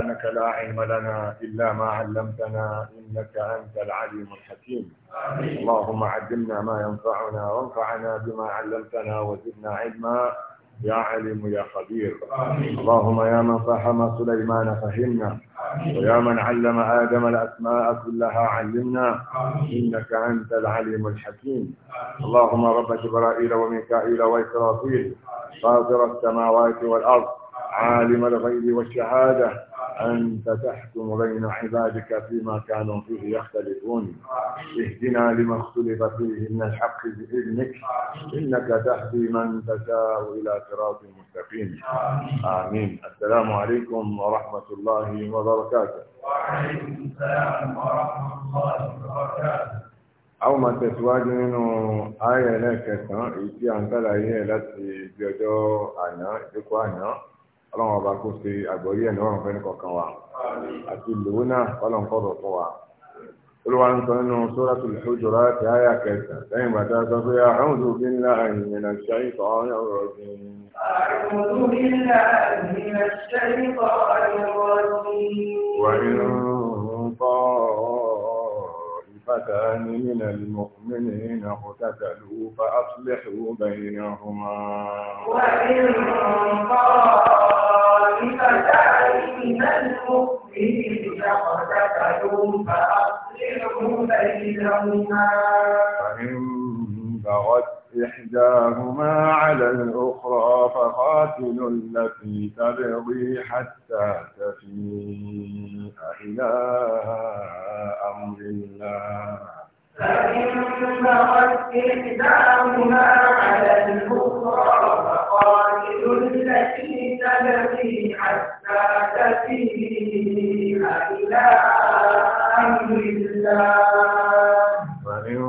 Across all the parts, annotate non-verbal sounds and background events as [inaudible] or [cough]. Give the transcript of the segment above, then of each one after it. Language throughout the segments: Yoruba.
أنك لا علم لنا إلا ما علمتنا إنك أنت العليم الحكيم آمين. اللهم علمنا ما ينفعنا وانفعنا بما علمتنا وزدنا علما يا عليم يا خبير آمين. اللهم يا من فهم سليمان فهمنا آمين. ويا من علم آدم الأسماء كلها علمنا آمين. إنك أنت العليم الحكيم اللهم رب جبرائيل وميكائيل وإسرافيل فاطر السماوات والأرض عالم الغيب والشهادة أنت تحكم بين عبادك فيما كانوا فيه يختلفون اهدنا لما اختلف فيه من الحق بإذنك إنك تهدي من تشاء إلى صراط مستقيم آمين السلام عليكم ورحمة الله وبركاته وعليكم السلام ورحمة الله وبركاته أو ما maa آية لك nínú ayẹ̀lẹ́kẹsàn-án èyí tí a ń kálàyé láti ibi ọlọ́run ọba kó ṣe àgbọ̀rí ẹ̀ níwọ̀n fẹ́ nìkọ̀ọ̀kan wa àti ìlòwó náà ọlọ́run kọ̀ọ̀rọ̀ fún wa olúwa ń sọ nínú suratul hujurat àyà kẹta lẹ́yìn bàtà sọ pé a'udhu billahi minash shaytanir rajim. a'udhu billahi minash shaytanir rajim. wa in طائفتان من المؤمنين اقتتلوا فأصلحوا بينهما. وإن طائفتان والفتاة من المؤمنين اقتتلوا فأصلحوا بينهما فإن بغت إحداهما على الأخرى فقاتلوا التي تبغي حتى تفيء إلى أمر الله فإن بغت إحداهما على الأخرى فقاتلوا التي سنتي حتى تفيء إلى أمر الله فإن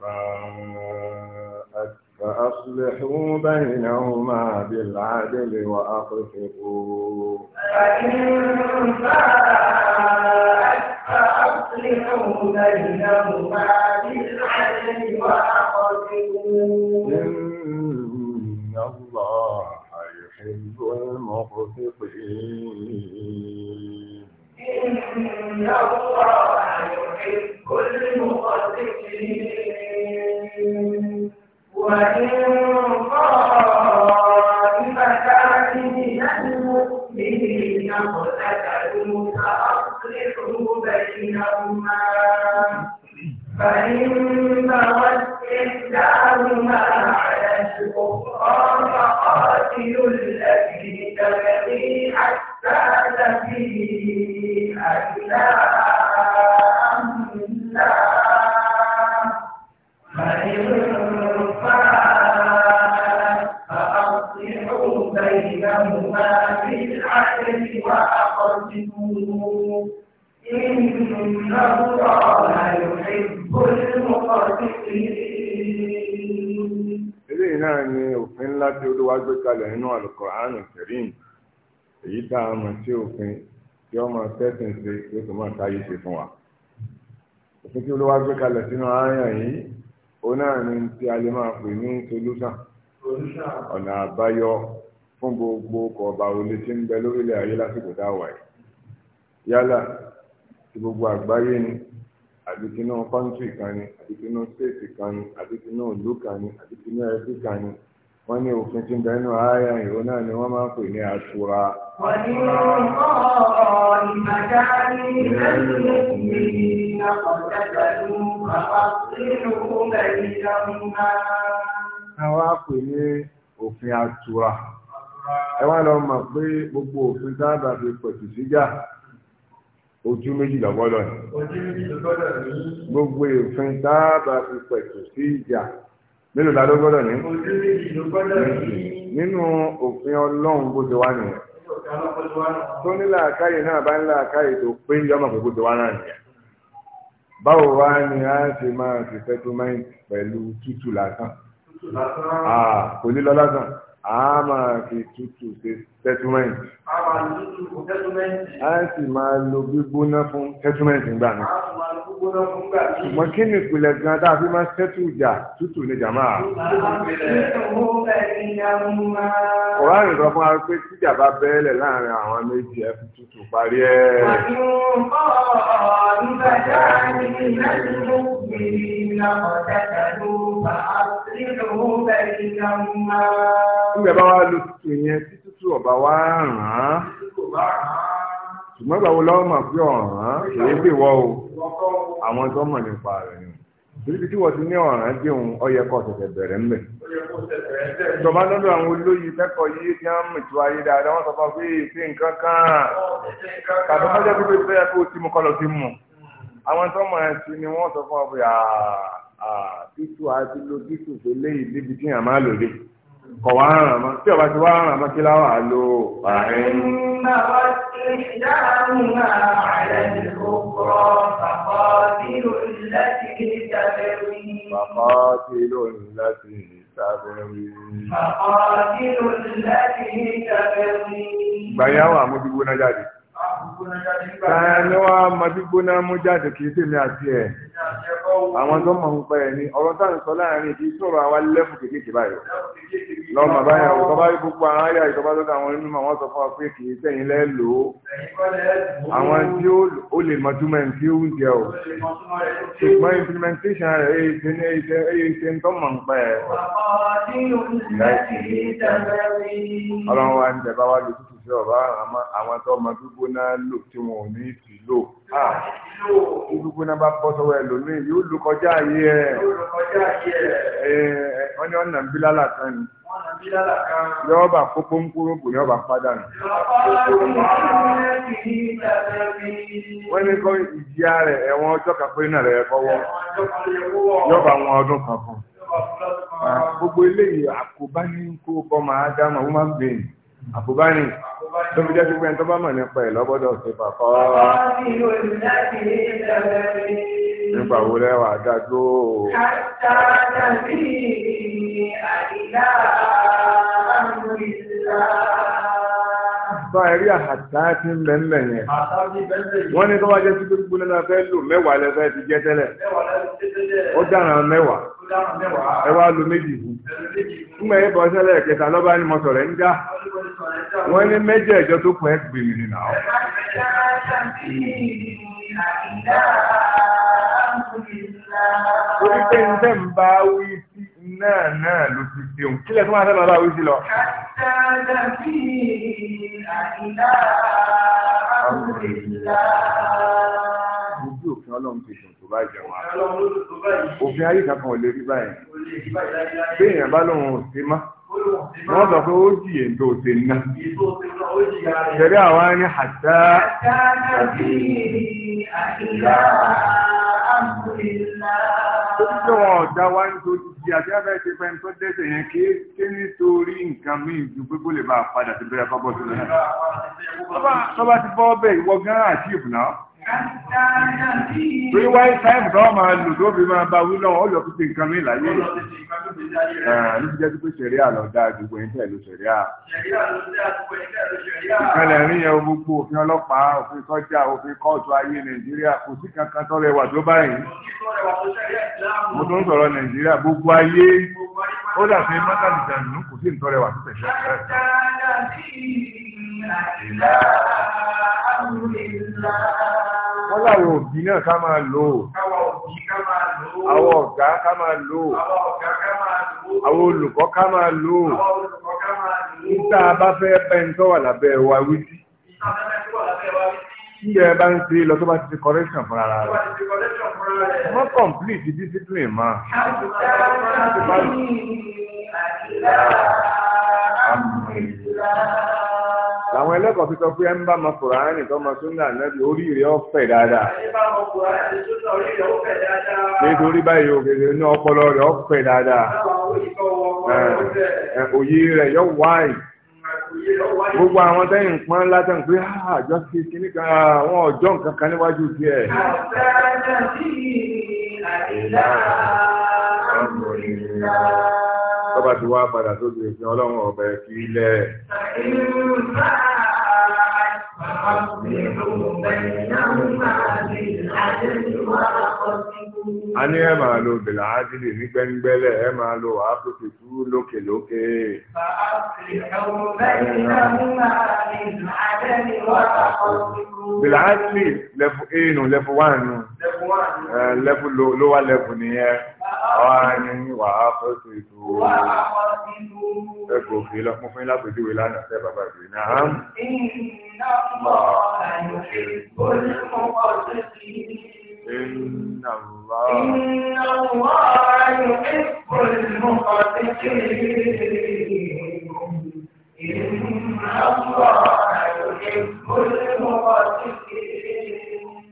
فاءت فأصلحوا بينهما بالعدل وأقسطوا فإن فاءت فأصلحوا بينهما بالعدل وأقسطوا إن الله يحب المقسطين إن الله يحب المقسطين وإن طائفتان من المؤمنين اقتتلوا فأصلحوا بينهما فإن máa mọ̀ sí òfin tí ó máa tẹ́sìn ṣe tí ó sì máa táyé ṣe fún wa. òfin tí olówó gbé kalẹ̀ sínú aáyàn yìí òun náà ni tí a lè máa pè ní solúsàn ọ̀nà àbáyọ fún gbogbo kọ̀ọ̀bà olè tí ń bẹ lórílẹ̀ ayé lásìkò tá a wà yìí. yálà tí gbogbo àgbáyé ni àbí tinú kọ́ńtì kan ni àbí tinú stéètì kan ni àbí tinú ìlú kan ni àbí tinú ẹbí kan ni wọ́n ní òfin tí ń bẹ nínú ààyè ìró náà ni wọ́n máa ń pè ní àṣùra. wọ́n ní ọ̀ọ́ ìmàdá ní ẹ̀rọ ìgbìyànjú àkọ́jọ́jọ́lù bàbá sínú bẹ̀rẹ̀ ìjọba. àwa pè ní òfin àṣùra ẹ wá lọ mọ̀ pé gbogbo òfin táàbà fi pẹ̀tù síjà ojú méjì lọ́gbọ́dọ̀ ni gbogbo òfin táàbà fi pẹ̀tù sí mélòó la ló gbọ́dọ̀ ní. nínú òfin ọlọ́run bó ti wá nìyẹn. tó ní làákàyè náà bá ń làákàyè tó pé yọmọ kó bó ti wá náà nìyẹn. báwo wá ni a ṣe máa ṣe settlement pẹ̀lú tútù lásán. kò ní lọ lásán a máa fi tútù ṣe settlement. a sì máa lo gbígbóná fún settlement nígbà náà gbóná fún gbà mí. ṣùgbọ́n kí ni ìpìlẹ̀ gan-an tá a fi máa ń ṣẹ́tù ìjà tútù ní jàmá. ọ̀rọ̀ àrùn sọ fún wa pé tíjà bá bẹ́ẹ̀lẹ̀ láàrin àwọn méjì ẹ̀ fi tútù parí ẹ̀. Nígbà bá wá lu tútù yẹn tí tútù ọ̀bá wá ràn án. Ṣùgbọ́n ìgbà wo lọ́wọ́ mà pé ọ̀ràn án èébè wọ́ o àwọn tó mọ̀ nípa rẹ̀ ni torí tí wọ́n ti ní ọ̀ràn dé òun ọyẹ kọ́ tẹ̀tẹ̀ bẹ̀rẹ̀ ńbẹ̀. ìjọba lọ́dọ̀ àwọn olóyè kẹ́kọ̀ọ́ yìí ti ń mú ìtura yìí dáadáa wọ́n sọ fún pé èsì nǹkan kan tàbí wọ́n jẹ́ pípé fẹ́ kó tí mo kọ́ lọ sí mu. àwọn tó mọ̀ ẹ́ sí ni wọ́n sọ fún ọ pé títù àti lo títù tó léyìí níbi tí yàn máa lò dé kọ̀ wá ràn mọ́ tí ọba ti wá ràn mọ́ kí láwà á lo ààrẹ. Ìnáwó ìdáhùn ààrẹ ló kọ́ bàbá bírò láti ṣàbẹ̀wò. Bàbá bírò láti ṣàbẹ̀wò. Bàbá bírò láti ṣàbẹ̀wò. Ìgbà yẹn àwọn àmójúgbó jáde. Táyà ni wọ́n á máa gbígbóná mú jáde kìí sí mi àti ẹ̀. Àwọn tó mọ̀ ń pẹ́ ẹ̀ ni ọ̀rọ̀ táà ń sọ láàrin kìí sọ̀rọ̀ àwa lẹ́fù kéékèèké báyìí. Lọ́mọ báyà ìtọ́ bá gbogbo àwọn ayà ìtọ́ bá lọ́dọ̀ àwọn onímọ̀ wọ́n sọ fún wa pé kìí sẹ́yìn lẹ́ lò ó. Àwọn tí ó lè mọ túmọ̀ ẹ̀ tí ó ń jẹ o. Ṣùgbọ́n implementation rẹ̀ èyí ṣe ní èyí ṣe ń tọ́ mọ̀ ń pẹ́ ẹ̀. Ọlọ́run wa ń jẹ bá wa lò tútù tí ọba àwọn tó ọmọ gbígbóná lò tí wọn ò ní ti lò tí gbígbóná bá bọ́ sọ́wọ́ ẹlòmíì yóò lò kọjá ayé ẹ̀ wọ́n ní ọ̀nà bílálà kan ni yọọba kó pọ́npọ́npọ́ yọọba padà nù. wọ́n ní kọ́ ìjìyà rẹ̀ ẹ̀wọ̀n ọjọ́ kan pé náà rẹ̀ kọ́wọ́ yọọba àwọn ọdún kan fún un gbogbo eléyìí àkóbá ní kó bọ́mọ ádámọ̀ woman being àkóbá ní tó fi jẹ́ sí pé ẹ̀ntọ́ bá mọ̀ nípa ẹ̀ lọ́gbọ́dọ̀ sí pàpọ̀ nípa wo dájú ó. sọ ẹ̀rí àhàtà tí ń bẹ̀ ń bẹ̀ yẹn. wọ́n ní tó jẹ́ sí gbogbo náà fẹ́ lò mẹ́wàá lẹ́fẹ́ ti jẹ́ tẹ́lẹ̀. ó dára mẹ́wàá. ẹ lo méjì bọ́ sẹ́lẹ̀ kẹta lọ́ba ni mo sọ̀rọ̀ ń wọ́n náà náà ló ti ṣe òun kílẹ̀ tó máa sábà bá wíṣí lọ. kàtàdà bí àìlá àwòrán ìlà. ojú òfin ọlọ́run ti sùn tó bá jẹun àná. òfin ayé kankan wọ́n sọ pé ó jì ètò òsè náà ṣẹ̀rí àwa ní àtà àti ìlà Oúnjẹ wọn ọ̀dá wá nítorí di àjẹ́fẹ́ ti fẹ́ tó dẹ́sẹ̀ yẹn kí ké nítorí nǹkan míì ju Torí wáyé táìmù tó máa lò tó máa bá wí lọ́wọ́ ó lọ nǹkan mìíràn láyé. Ló jẹ́ pé ṣẹ̀rí àlọ́ àdúgbò yín tẹ̀lé ṣẹ̀rí à. Ìkànnì ẹ̀rín yẹn gbogbo òfin ọlọ́pàá, òfin sọ́jà, òfin kóòtù ayé Nàìjíríà kò sí kankan tó rẹwà tó báyìí. Mo tó sọ̀rọ̀ Nàìjíríà gbogbo ayé. Ó dàbí mọ́tàlì kò sí ìtọ́rẹwà tó wọ́n láwọn òbí náà ká máa lò ó àwọn ọ̀gá ká máa lò ó àwọn olùkọ́ ká máa lò níta bá fẹ́ bẹ́ẹ̀ ń tọ́wà lábẹ́ wa wí sí tí ẹ bá ń ṣe lọ tó bá ti ṣe correction fún ara rẹ̀ mọ́ complete discipline mọ́ àmì ìlànà. làwọn ẹlẹ́kọ̀ọ́ fi sọ pé ẹ ń bá ma Kùránì tó ma náà nábì oríire ọ̀fẹ́ dáadáa. nítorí báyìí òkèèrè ní ọpọlọ rẹ̀ ọ̀fẹ́ dáadáa. òye rẹ̀ yọ wáì. gbogbo àwọn tẹ́yìn pọ́n látàn pé ah, àjọ kan ọjọ́ nǹkan kan Bọ́bá ti wá padà tó di òfin ọlọ́run ọ̀bẹ kí ilẹ̀. Àìyí a ní ẹ máa lo bìlà ájílì ní gbẹ́ngbẹ́lẹ̀ ẹ máa lo àápùtì tú lókè lókè. bìlà ájílì lẹ́fù éènù lẹ́fù wánù lẹ́fù lówà lẹ́fù nìyẹn àwa ni wà á fọ́sẹ̀ tó ẹgbẹ́ òfin lọ fún fún lápèjúwe lánàá fẹ́ bàbá ìgbé náà. Ìnáwó ọ̀la yóò ṣe olùkọ́ إن الله إن الله يحب المقسطين إن الله يحب المقسطين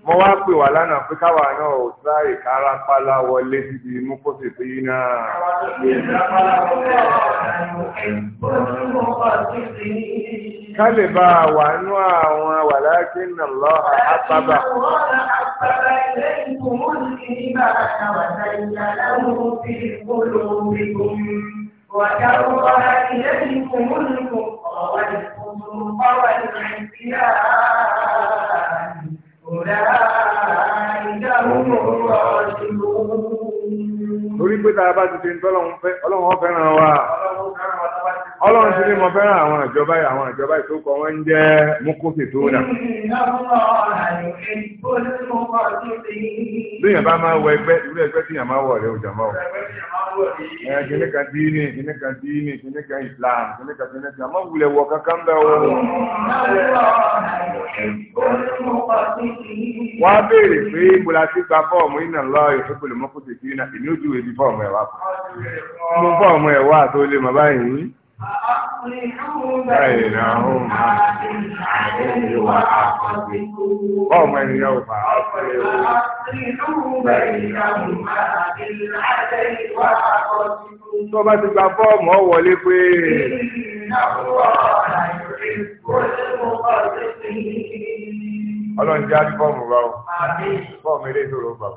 mo wá pè wá lánàá pé káwa náà ò sáré kárápálá wọlé síbi mú kó sì pé náà. Àwọn àti ìdápálá wọlé ọ̀rọ̀ àìmọ̀ ẹ̀gbọ́n mú kó sì pé kálẹ̀ bá a wà nú àwọn wàlákì nà lọ àpábà. وكره إليكم الكفر والفسوق والعصيان أولئك هم pé tá a bá ti ṣe ń fẹ́, ọlọ́run fẹ́ràn wa ọlọ́run ti ní mo fẹ́ràn àwọn ìjọba àwọn ìjọba ìtókọ wọn ń jẹ́ mokófì tó dà. lóyìn bá máa wọ ẹgbẹ́ ìlú ẹgbẹ́ tí yàn máa wọ̀ rẹ̀ ọjà máa wọ̀. kìnní kan díínì kìnní kan díínì kìnní kan Islam kìnní kan kìnní kan máa wulẹ̀ wọ kankan bẹ́ẹ̀ wọ. wọ́n á béèrè pé ìbúra sí gba fọ́ọ̀mù iná lọ ìfipòlè mọ́kòtì kìnní ìní ojú ìdí fọ́ọ̀mù ẹ̀ wá. mo fọ́ọ̀mù ẹ̀ wá tó mọ̀ báyìí. بينهما tó bá ti gba fọ́ọ̀mù ọ wọlé pé. ọlọ́run jẹ́ àdúgbò bá o fọ́ọ̀mù eré ìṣòro bá o.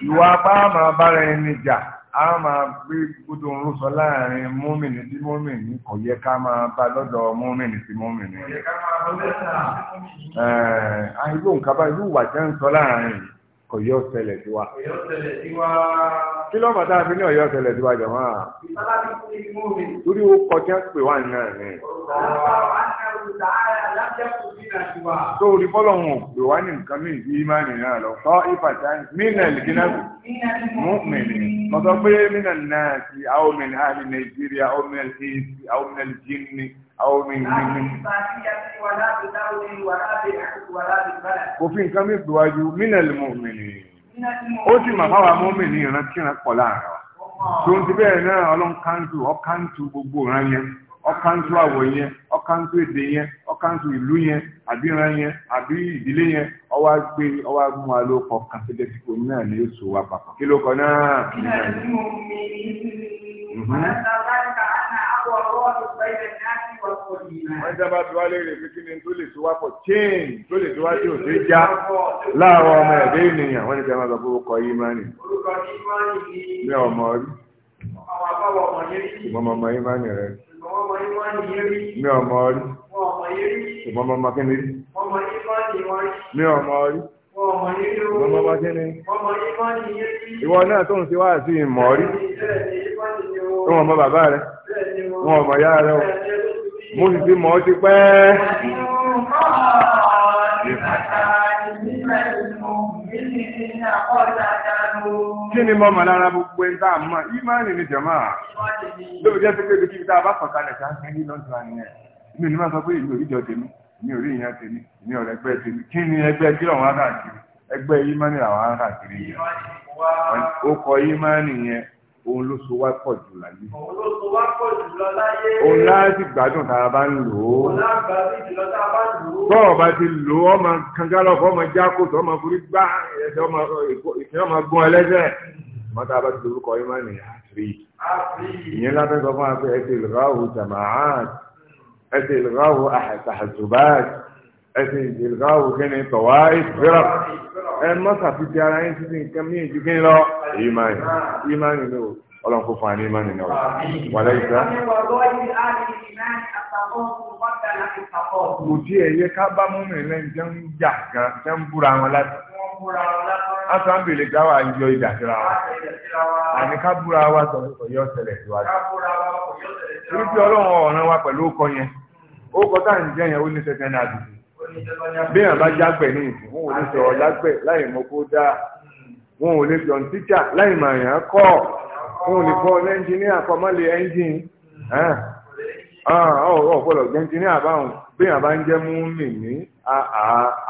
ìwà apá máa bára ẹni jà á máa gbé gbódò ń rúsọ láàrin mọ́mìnì tí mọ́mìnì kò yẹ ká máa bá lọ́dọ̀ mọ́mìnì tí mọ́mìnì. àìlóǹkà bá irú ìwà ń sọ láàrin yìí ọ̀yọ́ ṣẹlẹ̀ sí wa. ọ̀yọ́ ṣẹlẹ̀ sí wa. kí ló bàtà fi ní ọ̀yọ́ ṣẹlẹ̀ sí wa jọ̀mọ́ à. ìsálábí fún imú mi. torí ó kọjá pé wà ní náà ni. tó o rí bọ́lọ̀ wọn pè wá ní nǹkan mí bí ìmánì náà lọ. sọ ìfàtà mínà lìgínàbù mú mìnì. mo sọ pé mínà náà ti àwọn mìnà ní Nàìjíríà àwọn mìnà àwọn omi ìlú ní. kò fi nǹkan mi gbìwájú mínàlì mọ́mìnì ó sì mà fáwọn mọ́mìnì ìrántíràn pọ̀ láàrin wa tó ń ti bẹ́ẹ̀ náà ọlọ́nkántù ọkántù gbogbo ìran yẹn ọkántù àwọ̀ yẹn ọkántù èdè yẹn ọkántù ìlú yẹn àbí ìran yẹn àbí ìdílé yẹn ọwọ́ ọwọ́ wa ló kọ náà ní wa papọ̀ kí ló kọ náà. wọ́n jábá tí léèrè pé kí tó lè tiwápọ̀ chain tó lè tiwájú òde já láàárọ̀ ọmọ ẹ̀dẹ́ ènìyàn wọ́n ní kí máa sọ pé ó kọ ìmánì. ní ọmọ rí. ìmọ̀ ọmọ ìmánì rẹ̀. ní ọmọ rí. ìmọ̀ ọmọ kíni rí. ní ọmọ rí. Ọmọ bá kí ni? Ìwọ náà tó ń ṣe wá sí ìmọ̀ rí. Ó bàbá rẹ̀. wọn ọmọ yára rẹ o mo sì mọ̀ ọ́ ti pẹ́. Kí ni mo mọ̀ lára gbogbo ẹni tá a mọ̀? Ìmáàlì ni jẹ̀mọ́ Lóòótọ́ jẹ́ pé tá a bá lẹ̀ lọ́dún Mi máa sọ pé ìlú tèmi, mi ò rí tèmi, mi ò tèmi. Kí ni ẹgbẹ́ kí lọ́wọ́ á Ẹgbẹ́ làwọn á yẹn. Ó òun ló so wá pọ̀ jù láyé. òun ló so wá pọ̀ jù lọ láyé. òun láti gbádùn tá a bá ń lò ó. òun láti gbádùn jùlọ tá a bá ń lò ó. tọ́ ọba ti lò ó ọmọ kankanlọ́fọ́ ọmọ jákòtò ọmọ forí gbá ẹ̀ṣẹ̀ ọmọ ìfẹ́ ọmọ gún ẹlẹ́sẹ̀ mọ́tà bá ti lórúkọ yín máa nìyà àfírí. ìyẹn lábẹ́ sọ fún wa pé ẹ ti lọ́wọ́ jàmáà ẹ ti lọ́wọ́ àhàtàhàtùbáàtì ẹsìn ìdìlgá òkè ni tọ̀wá ìfẹ́rà ẹ má sàfihàn ara yín títí nǹkan mí ìdí kíni lọ ìmáyì ìmáyì ni o ọlọ́run kò fún àní ìmáyì ni o wàlẹ́ ìta. kò tí ẹ yẹ ká bá múmi lẹ́yìn jẹ́ ń jà gan jẹ́ ń búra wọn láti. Asan bèlè gá wa yọ ìdà síra wa. Àní ká búra wa sọ pé kò yọ ọ̀sẹ̀lẹ̀ síwájú. Torí ọlọ́run ọ̀ràn wa pẹ̀lú ó kọ yẹn. Ó kọ táà ń jẹ́ yẹn ó ní sẹ́kẹ́ ní béèyàn bá jágbẹ̀ ní ìsìn wọn ò lè sọ lágbẹ̀ láì mọ kó dáa wọn ò lè sọ tíjà láì mà yàn kọ́ wọn ò lè kọ́ ẹnjìníà kọ́ má lè ẹnjìn ọ̀pọ̀lọ̀ ẹnjìníà báwọn béèyàn bá ń jẹ́ mú mi ní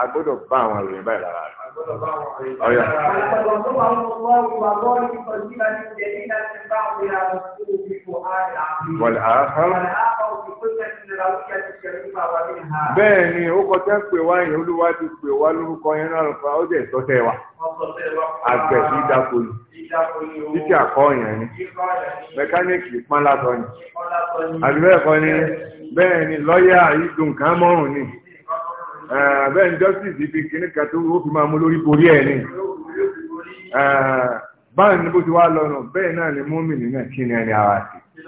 àgbọ́dọ̀ bá àwọn àròyìn báyìí lára rẹ̀. أويا. والآخر bẹ́ẹ̀ ni ó kọjá pé wá yẹn olúwa ti pè wá lórúkọ yẹn náà lọ́pàá ó dẹ̀ tọ́tẹ̀ wa àgbẹ̀ sí dákòlù títí àkọ́ọ̀yàn ni mẹkáníìkì pọ́n látọ̀ ni àbí bẹ́ẹ̀ ni bẹ́ẹ̀ ni lọ́ọ̀yà yìí dùn kán ni. Eh, bẹ́ẹ̀ ni justice ibi kìíní kan tó ó fi máa mú lórí borí ẹ̀ ni eh, báyìí ni bó ti wá lọ́nà bẹ́ẹ̀ náà ni múmìnì náà kí ni ẹni ara sí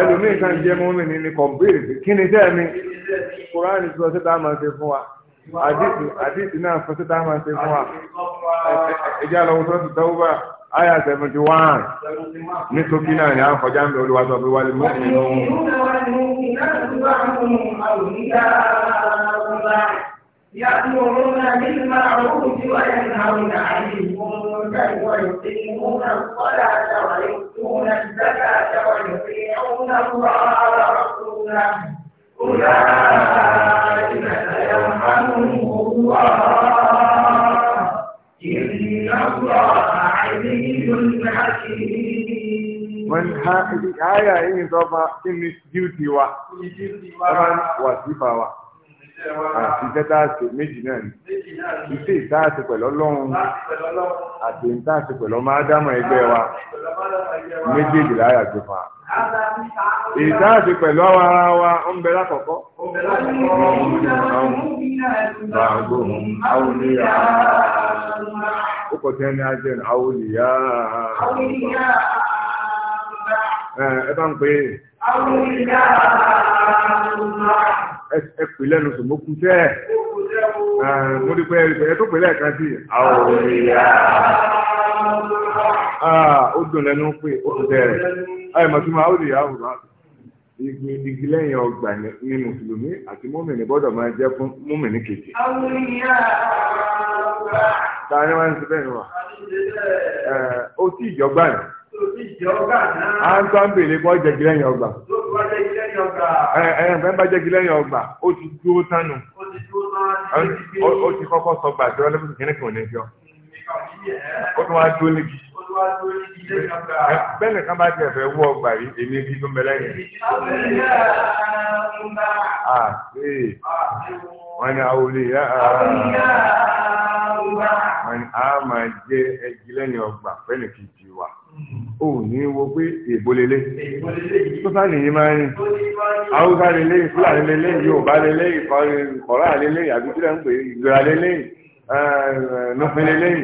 ẹlòmíì kan jẹ́ múmìnì ni kọ̀m̀péèrè kí ni tẹ́ mi kúránì sọ sí táwọn máa ṣe fún wa àdìsí náà sọ sí táwọn máa ṣe fún wa ẹ̀jẹ̀ àlọ́ Aya seventy one ní sókí náà ni a ń kọjá ń bẹ olúwa sọ pé wálé mú. يأمرون بالمعروف وينهون عن المنكر ويقيمون الصلاة ويؤتون الزكاة ويطيعون الله ورسوله أولئك سيرحمهم الله إن الله When manhaji aya is over, in his duty What wajibu wa àti iṣẹ́ tá a ṣe méjì náà ni iṣẹ́ ìta àti pẹ̀lú ọlọ́run àti ìta àti pẹ̀lú ọmọ ádámọ̀ ẹgbẹ́ wa méjèèjì láyà tó fa. ìta àti pẹ̀lú ara wa ń bẹ lákọ̀ọ́kọ́. ó kọ̀ tí ní ajẹ́ àwòlíyá ẹ bá ń pè é. àwọn ìyá àtúnmá. ẹ pè lẹ́nu sòmó kú tẹ́ ẹ̀. mo ti pẹ́ ẹ tó pè lẹ́ẹ̀kan sí. àwọn ìyá àtúnmá. ó dùn lẹ́nu pé ó kù tẹ́ rẹ̀. ayé màtúmọ̀ àwọn ìyá àwòrán igi igi lẹ́yìn ọgbà ni mùsùlùmí àti mọ́mìnì gbọ́dọ̀ máa jẹ́ fún mọ́mìnì kejì. ta ni wọ́n ń sọ bẹ́ẹ̀ ni wọ́n. ó sì ìjọba yìí. à ń tán bèèrè kọ́ jẹ́gi lẹ́yìn ọgbà. ẹ̀ẹ́n bá jẹ́gi lẹ́yìn ọgbà ó ti dúró tánu. ó ti kọ́kọ́ sọ gbà tí wọ́n o kìíní kò ní jọ. ó tún wá dúró níbi. bẹ́ẹ̀ nìkan bá tiẹ̀ fẹ́ wú ọgbà yìí èmi bí tó wọ́n ní àwòrán a ẹ̀jí lẹ́yìn ọgbà pẹ́ẹ́nì kìí ti wà. ò ní wo pé èbó tó sọ́sà nìyí máa ń rìn haúsá lélẹ̀ fúlàní lélẹ̀ yorùbá lélẹ̀ ìkọ̀rá lélẹ̀ àbíkílẹ̀ ń pè ìgbéra lélẹ̀ nùfin lélẹ̀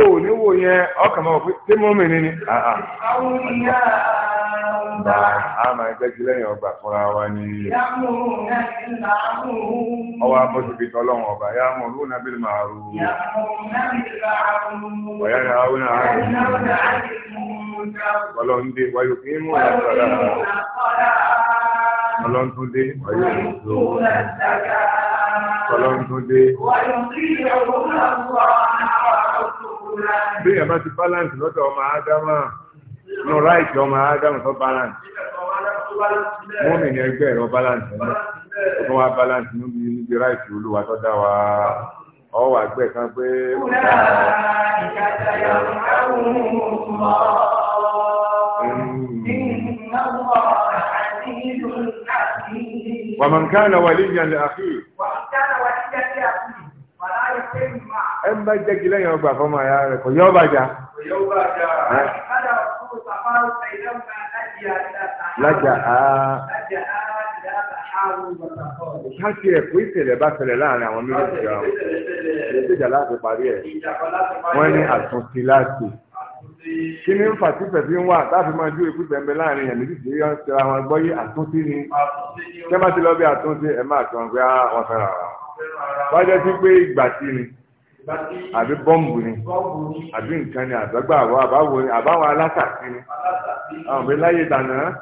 ò ní wo yẹn ọkàn máa wọ pé gbà á máa jẹ́jú lẹ́yìn ọgbà fúnra wa ní ọwọ́ abọ́sibí tọ́lọ́run ọba yá mọ̀ lóun náà ya màá rú ọ̀yá ni àwọn náà á rí ọlọ́ndé wáyé kí mú ọ̀dà ọlọ́ntúndé wáyé kí mú ọ̀dà ọlọ́ntúndé wáyé balance nù ráìtì ọmọ Adam, tó balance mọ́mì ní ẹgbẹ́ ẹ̀rọ balance náà O tún wá balance níbi níbi ráìtì olúwa tó dá wa ọ wà gbẹ kan pé. ومن كان وليا لأخيه ومن كان وليا لأخيه فلا يتم معه أما جاك لن يوبا فما يا رب يوبا جا يوبا جا lájà á káṣí ẹ̀ pé ìṣẹ̀lẹ̀ bá ṣẹlẹ̀ láàrin àwọn méjèèjì ọ̀hún ìṣèjà láti parí ẹ̀ wọ́n ní àtúntì láti kí ni ń fà tí pẹ̀fí ń wà láti máa ju ikú bẹ̀m̀bẹ̀ láàrin ẹ̀mí títí yọ ń tẹra wọn gbọ́ yé àtúntì ni kí wọ́n ti lọ bí àtúntì ẹ̀ máa tọ̀ ń pé ah, wọ́n fẹ́ràn ara wọn. wájú sí pé ìgbà sí ni àbí bọ́ǹbù ni àbí nǹkan ni àgbàgbà àwọ̀ àbáwo ni àbáwọn alátàkì ni àwọn òbí láyé dànù án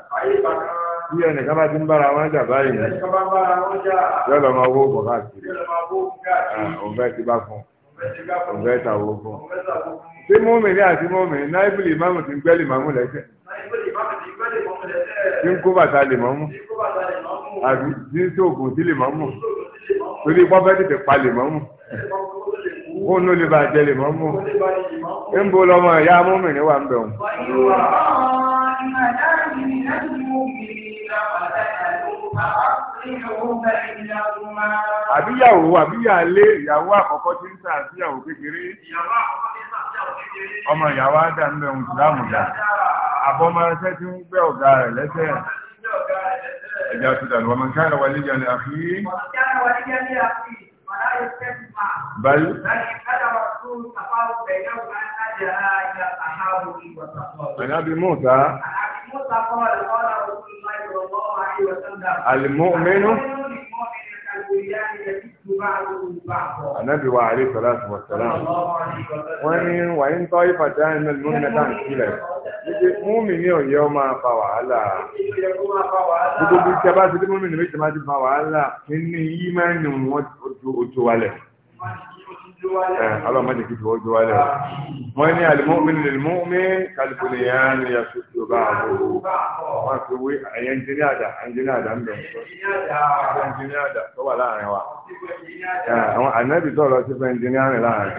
bí ẹnìkan bá ti ń bára wọn jà báyìí ni yóò lọ máa wó bọ̀ káàkiri ah, òun ti bá fún òun ta owó fún. tí mọ́mì ní àti mọ́mì náíbìlì ìmáàmù ti gbẹ́lì mọ́mù lẹ́sẹ̀ tí ń kó bàtà lè mọ́mù àbí tí ń sóògùn sí lè mọ́mù torí pọ́fẹ́ tètè palè mọ́ mú òun ló lè bá jẹlè mọ́ mú ń bo lọ́mọ ìyá mọ́mìnrin wà ń bẹ̀ òun. àbíyàwó àbíyàlé ìyàwó àkọ́kọ́ tí ń sà síyàwó kékeré ọmọ ìyàwó ádá ń bẹ̀ òun ìsìlámù dá àbọ̀mọ ẹsẹ́ tí ń gbẹ́ ọ̀gá rẹ̀ lẹ́sẹ̀ ẹja ti dànù ọmọ káàrà wà níjà ní àfihì bal Ànábì Mùsá Àlìmọ́ mẹ́nu Ànábì wa àrí sọ̀rọ̀ àti wọ̀sọ̀rọ̀. Wọ́n ní wà ní tọ́ ìfàdá iná ló ní ẹ̀dá ìpínlẹ̀. Múmi ní ọ̀yẹ́ ó máa fa wàhálà. Gbogbo tí a bá ti dé múmi ní méjì máa ti fa wàhálà. Kí ní yí máa ń yùn wọ́n ojú wálẹ̀. ọlọ́mọdé eh, kí ìwọ́ jọ wálẹ̀ wọ́n ní alìmọ́mìn lèmọ́mí kalifoniyan ya sọ́tò bá a wọ́n fi wé àyẹ ẹnjìníàdà ẹnjìníàdà ń bẹ̀ ẹnjìníàdà tó wà láàrin wa abi, eh, ànábì sọ̀rọ̀ sí fún ẹnjìníàrin láàrin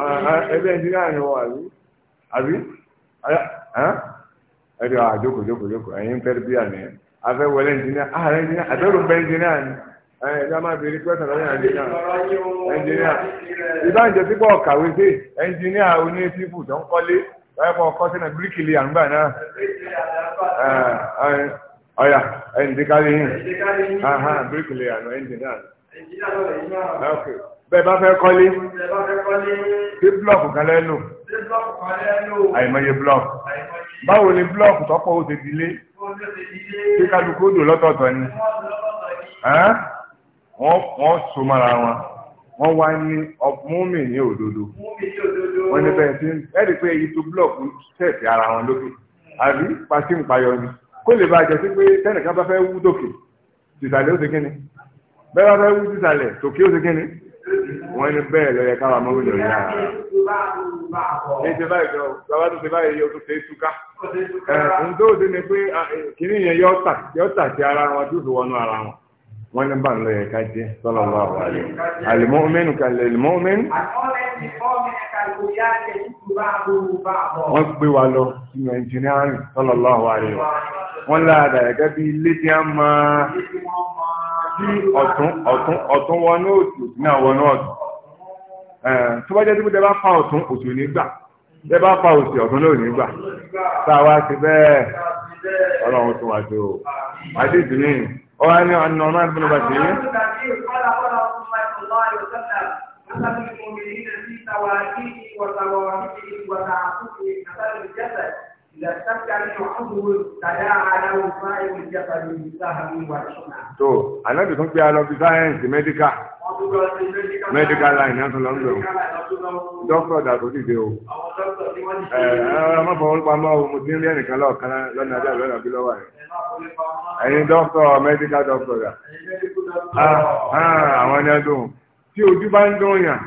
eh, ẹgbẹ́ ẹnjìníàrin wọ àbí ẹ̀rọ àjókòjókòjókò ẹ̀yìn pẹ́ẹ́rẹ́ bí àná afẹ́wọlé ẹnjìníà ah, ààrẹ ẹnjìníà àtẹ́rù bẹ́ ẹnjìníà ni. ẹ̀ẹ́dá máa bèèrè pẹ́sàn lọ́wọ́ ẹ̀ǹjìníà ẹ̀ǹjìníà ìbáǹjẹ́ tí pọ̀ kàwé sí ẹ̀ǹjìníà oní fífù tó ń kọ́lé láìpọ̀ ọkọ́ sínú bíríkìlì àǹgbà náà ọ̀yà ẹ̀ǹdìkárí yìí bíríkìlì àná ẹ̀ǹjìníà bẹ́ẹ̀ bá fẹ́ kọ́lé sí blọ́ọ̀kù kan lẹ́nu àìmọye blọ́ọ̀kù báwo ni blọ́ọ̀kù tọ́pọ̀ ó ti dilé kí kálukú dò lọ́tọ̀ọ̀tọ̀ ni wọ́n so mọ́ra wọn wọ́n wá ní múmi ní òdodo wọ́n ní bẹ́ẹ̀ tí ẹ̀rí pé èyí tó búlọ̀kù tẹ̀sí ara wọn lókè àbí pàṣẹ ìpayọ ni kó lè bá jẹ sí pé tẹ́nìkan bá fẹ́ wú dòkè tìsàlẹ̀ ó ti kíni bẹ́ẹ̀ bá fẹ́ wú tìsàlẹ̀ tòkè ó ti kíni wọ́n ní bẹ́ẹ̀ lọ́yẹ káwa mọ́ wílò ní ara. Ètè báyìí lọ, bàbá tó ṣe báyìí yóò tó ṣe é túká. Ẹ̀ ǹdó òde ni pé kìnìyàn yọ tà sí ara wọn tó fi wọnú ara wọn wọ́n ní báńlọ yẹ ká jẹ́ sọ́lọ́ wà wà lẹ́ alimọ́mẹ́nu kalẹ̀ alimọ́mẹ́nu. wọ́n gbé wa lọ sínú ẹnjìnírìn sọ́lọ́ wà wà lẹ́ wọ́n láàdà ẹ̀gẹ́ bí ilé tí a máa tí ọ̀tún ọ̀tún ọ̀tún wọnú òtún náà wọnú ọ̀tún tó bá jẹ́ tí bá fa ọ̀tún òtún ní gbà bẹ́ẹ̀ fa òsì ọ̀tún náà ní gbà tá a wá sí bẹ́ẹ̀ ọlọ́run tún wá sí o وعن النعمان بن بشير مثل المؤمنين في سواكيه وسواكيه وتعاطفه مثل الجسد إذا استمتع منه عضو تداعى له سائر الجسد بالسهم والشمع. تو أنا بدي تنقي على بساينس ميديكا. mẹ́díkà láì náà tún lọ ń bẹ̀rù dókítà dàtò dìde o ẹ ẹ ọmọ fọwọ́pamọ́ o mo ti ń rí ẹnìkan lọ́ọ̀kan lọ́nà àbí àbẹ́rẹ́ àbí lọ́wọ́ rẹ̀. ẹ̀yin dọ́kítọ̀ mẹ́díkà dọ́kítọ̀ rà àwọn ẹni a tí ojú bá ń dún yàn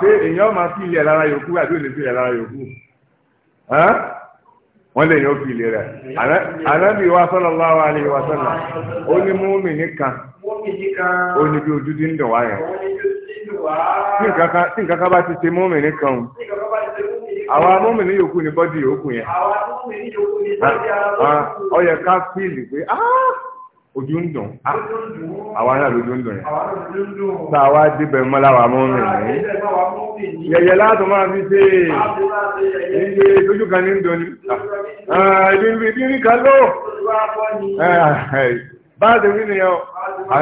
ṣé èèyàn máa fi ilẹ̀ lára yòókù àti òní fi ilẹ̀ lára yòókù wọ́n lè yàn fi ilẹ̀ rẹ̀ ànábì wa sallallahu alaihi wa ó ní múmi nìkan ó ní bí ojú dùn wá yẹn tí nǹkan bá ti ṣe múmi nìkan o. àwọn amómìnir yòókù ni bọ́dì yòókù yẹn. àwọn amómìnir yòókù ni bọ́dì ah, ah, yòókù. ó yẹ ká fíìlì pé ah, ojú ń dùn àwọn náà lójú ń dùn yẹn tá a wá débẹ̀ mọ́ láwọn amóhùnmí yẹ̀yẹ̀ láti máa fi ṣe ilé lójú kan ní dùn ní ibi ní kan ló báyìí wá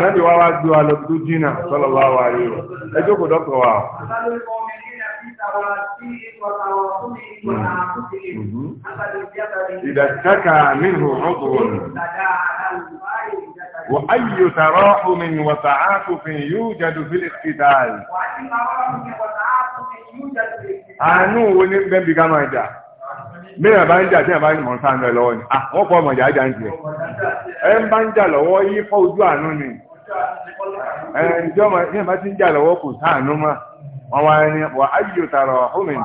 wá gbé wa lọ jìnnà o Mm-hmm. إذا اشتكى منه عضو وأي تراحم وتعاطف يوجد في الاقتتال àánú wo ní bẹ́ẹ̀bí ká máa jà mẹ́rin bá ń jà tí ẹ̀bá mọ̀ sáà ń bẹ̀ lọ́wọ́ ni àwọn pọ̀ mọ̀ jájá ń tiẹ̀ ẹ ń bá ń jà lọ́wọ́ yí fọ́ ojú àánú ni ẹ̀ wọ́n wá ní wà áyù tààrà ọ̀húnmìn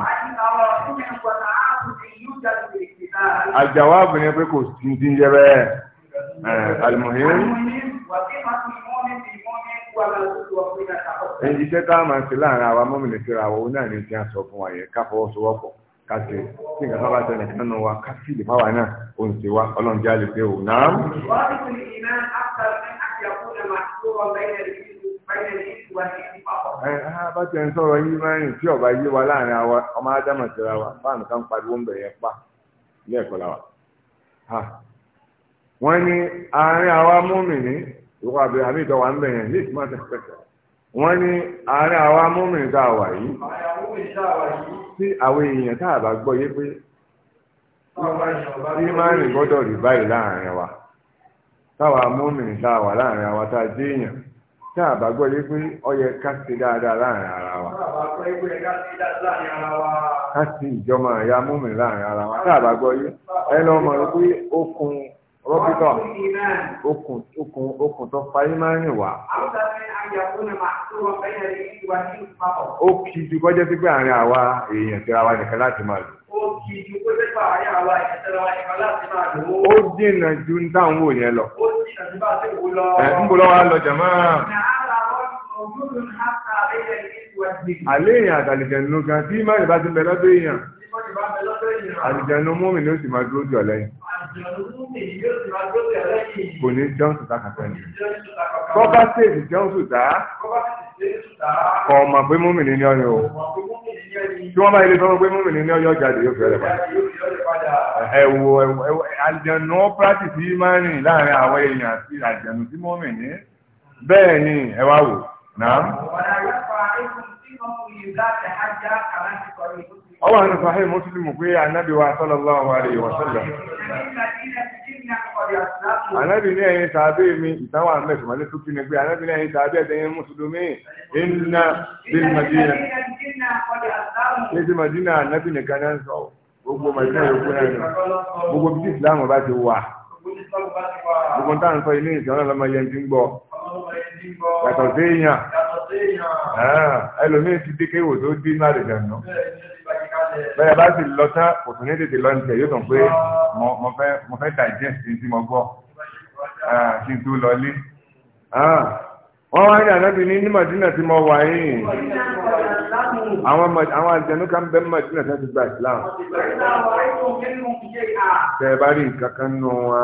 àjàwábù ni pé kò ti ń jẹ bẹ́ẹ̀ almuhim iṣẹ́ tá a máa ṣe láàrin àwa mọ́mìnì síra àwọn oní àní tí a sọ fún wa yẹn ká fọwọ́sowọ́pọ̀ ká ṣe tí nǹkan bá ṣẹlẹ̀ kan nù wa ká sì lè fáwa náà òun ṣe wa ọlọ́run jẹ́ àlè náà. wọ́n ti fi iná àtàlẹ́ àti àkójọ màtúrọ̀ bẹ́ẹ̀ bá tẹ̀ ń sọ̀rọ̀ yín máa ń tí ọba yé wa láàrin àwa ọmọ ádámà síra wa báwọn kan pariwo ń bẹ̀ yẹn pa ilé ẹ̀kọ́ la wa. wọ́n ní àárín àwa múmìnì ìwọ àbí àbí ìtọ́wà ń bẹ̀ yẹn ní ìtumọ̀ tẹ̀ pẹ̀tẹ̀. wọ́n ní àárín àwa múmìnì tá a wà yìí sí àwọn èèyàn tá a bá gbọ́ yé pé ìmáàrin gbọ́dọ̀ rí báyìí láàrin wa táwa múmìnì tá a wà láàrin àwa tá a dé èèyàn tá a bá gbọ́ yé pé ó yẹ ká ṣe dáadáa láàrin ara wa. ká ṣe ìjọmọ àyà múmi láàrin ara wa tá a bá gbọ́ yé ẹ lọ́mọ pé okun rọ́bítọ̀ okùn okùn okùn tó parí máa ń rìn wá. ó kì í ju kọjá sí pé àárín àwa èèyàn tẹ́ra wa nìkan láti máa lò. ó kì í ju kọjá sí wa nìkan láti máa lò. ó dènà ju ń dáhùn wò yẹn lọ. ẹ̀ ń bọ̀ lọ́wọ́ á lọ jàmáà àléèyàn àtàlìjẹ̀nu gan tí ìmáàlì bá ti bẹ lọ́dọ̀ èèyàn àlìjẹ̀nu mọ́mì ni ó sì máa dúró jù ọ̀lẹ́yìn kò ní jọ́n sùtá kankan ní kọ́bá sèèdì jọ́n sùtá kọ̀ ọ̀mà pé mọ́mì ni ní ọ̀yọ́ tí wọ́n bá ilé sọ́mọ́ pé mọ́mì ni ní ọ̀yọ́ jáde yóò fẹ́rẹ̀ padà ẹ̀wò àlìjẹ̀nu ọ́ pírátìsì ìmáàlì láàrin àwọn èèyàn àti àlìjẹ̀nu sí mọ́mì ní bẹ́ẹ̀ ni ẹ wá wò نعم ولا يرفع عليكم سمه ذات حجة كما في صحيح مسلم أولا أنا صحيح مسلم في النبي صلى الله عليه وسلم Ànábì ní ẹ̀yin tàbí mi ìtawà mẹ́sùn na lé tó kí ni pé ànábì ní ẹ̀yin tàbí ẹ̀yin mùsùlùmí iná bí Màdínà. Ní ti Màdínà ànábì nìkan náà ń yàtọ̀ sí èèyàn ah, ẹlòmíín ti dé kéwò tó dín náà lè dànù bẹ́ẹ̀ bá sì lọ tán kò tún ní tètè lọ nìkẹ́ yóò tàn pé mo fẹ́ digest ní tí mo gbọ́ ah, kí n tó lọ lé ah, wọ́n wá ní ànábì ní ní Madina tí mo wà yìí àwọn àjẹnú kan bẹ́ẹ̀ Madina tó ti gba Islam tẹ̀ bá rí nǹkan kan nù wá.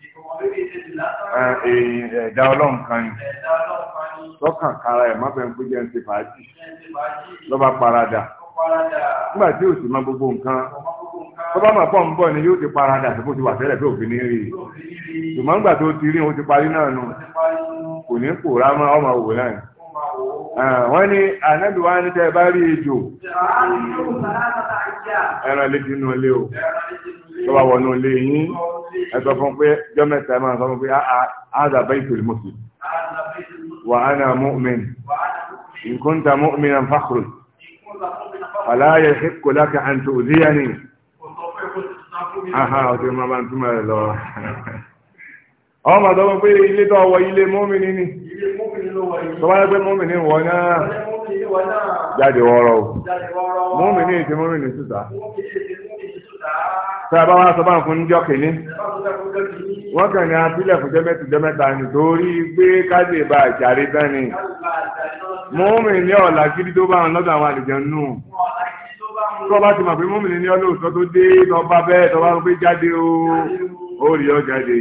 èyí ẹ̀dá ọlọ́run kan ni tọ́kàn kára ẹ̀ máfẹ́ ń parada nígbà tí gbogbo nǹkan tó mọ̀ pọ̀ ń bọ̀ ni yóò ti parada tó ti wà tẹ́lẹ̀ tó fi ní rí i ṣùgbọ́n nígbà tó ti rí ó ti parí náà nù kò ní pòórá mọ́ ọmọ òwò náà wọ́n ní ní tẹ́ bá rí o. tó bá wọnú ilé yín ẹ sọ fún pé jọ mẹ́ta ẹ máa sọ fún pé áàdà bẹ́ẹ̀ tó lè mọ̀ sí wà á nà mu'min nǹkan ta mu'min an fakhru wàlá yẹ kíkó lákà àǹtò òdíyà ni. Aha, ọ̀sẹ̀ máa bá ń túmọ̀ rẹ̀ lọ àwọn màtọ́ wọn pé ilé tó wọ ilé mọ́mìnì ni tó bá pé mọ́mìnì wọ náà jáde wọ́ọ́rọ́ o mọ́mìnì ti mọ́mìnì síta tàbá wá sọ bá fún níjọ́ kìíní wọ́n kàn ní abílẹ̀ fún jẹ́mẹ́tì jẹ́mẹ́ta nítorí pé kájí ìbá ìjàre tán ni mọ́mì ní ọ̀la gidi tó bá wọn lọ́dọ̀ àwọn àlejò nù tó bá ti mọ̀ pé mọ́mì ní ọlọ́ọ̀tọ́ tó dé tó bá bẹ́ẹ̀ tó bá wọn pé jáde o ó rí ọ jáde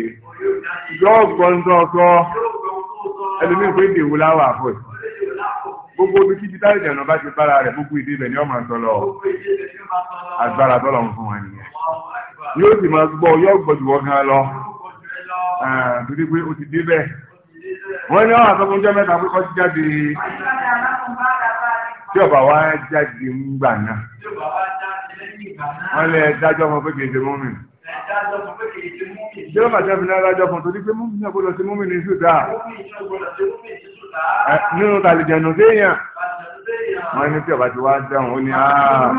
yóò gbọ́ ń tọ́ sọ ẹlòmí pé dèwú láwà fún ẹ gbogbo ibi kíbi táyé ìjànà bá ti bára rẹ̀ gbogbo ìdí ibẹ̀ ni ọmọ àtọ́lọ agbára tọ́lọ̀ ń fún wọn nìyẹn yóò sì máa gbọ́ yóò gbọ́jù wọ́gán lọ torí pé ó ti dé bẹ́ẹ̀ wọ́n ní àwọn àtọ́kùnjẹ́ mẹ́ta pé ti jáde tí ọba wa jáde ń gbà náà wọ́n lẹ dájọ́ ọmọ pé kèèjé mú mi jẹ́ ọmọ àti ẹ̀fìnà alájọ́ fún torí pé múmi náà gbọ́dọ̀ sí múmi ní ṣùdá nínú tàlìjẹ̀nù sí wọ́n ní tí ọba ti wá dáhùn ó ní áà ah,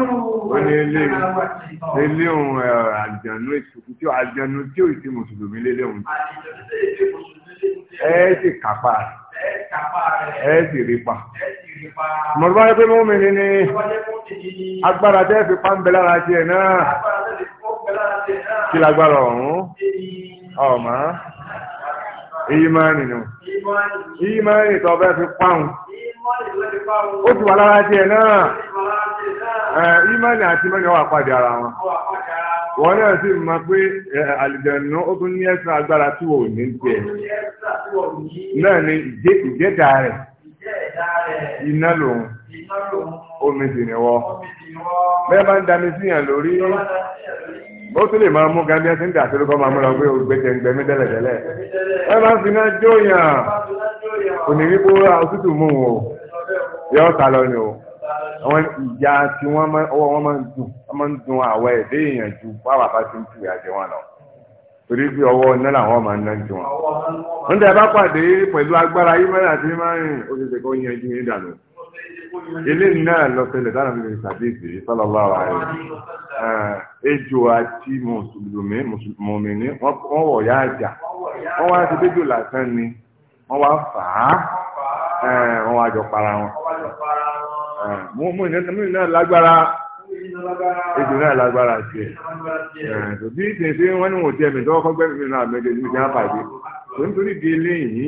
ó ní ilé ilé òun àjànú ìsìnkú tí àjànú tí ò sí mùsùlùmí lélẹ̀ òun. ẹ sì kápá ẹ sì rí pa. yẹ pé mọ́mìnì ni agbára tẹ́ fi pa ń bẹ lára tiẹ̀ náà kí lágbára ọ̀hún ọ̀mọ́ ìyí máa nìyàn ìyí máa nìyàn tó ọbẹ̀ fi pàun. ó ti wà lára tiẹ̀ náà ìmánì àti mẹ́ni wà pàdé ara wọn wọ́n náà sì mọ̀ pé àlìjẹ̀nù ó tún ní ẹ̀sìn agbára tí wò ní tiẹ̀ náà ni ìjẹ́ta rẹ̀ iná lòun omi sì ni wọ́ bẹ́ẹ̀ bá ń dami síyàn lórí ó tún lè máa mú gan bí ẹ ti ń dà sí lóko máa múra pé olùgbẹ́jẹ ń gbẹmí tẹ́lẹ̀ tẹ́lẹ̀ ẹ máa ń fi iná jó yàn kò ní wípé òtútù mú o yọ ọ̀tà lọ ni o àwọn ìyá tí wọ́n ọwọ́ wọn máa ń dùn wọ́n máa ń dùn àwọ̀ ẹ̀dẹ́ èèyàn ju báwa bá ti ń tu ìyàjẹ wọn lọ torí pé ọwọ́ iná làwọn máa ń ná ju wọn. wọ́n tẹ́ bá pàdé pẹ̀lú agbára yìí mẹ́rin àti mẹ́rin ó ti ṣe kó yanjú yín dànù eléyìí náà lọ sẹlẹ̀ dáná mi sàdéèsì sọlọ́lá wa rẹ̀ ejò àti mùsùlùmí mùmìnì wọ́n wọ̀ ya àjà wọ́n wá ti déjò lásán ni wọ́n wá fà á wọ́n wá jọ para wọn. mùmìnì náà lágbára ejò náà lágbára tiẹ̀ bí ìtẹ̀sí wọn ni wọ́n tiẹ̀ mi tọ́kọ́ gbẹ́mí náà mẹ́tẹ̀ẹ́sì ní ìjà pàdé tó nítorí di eléyìí.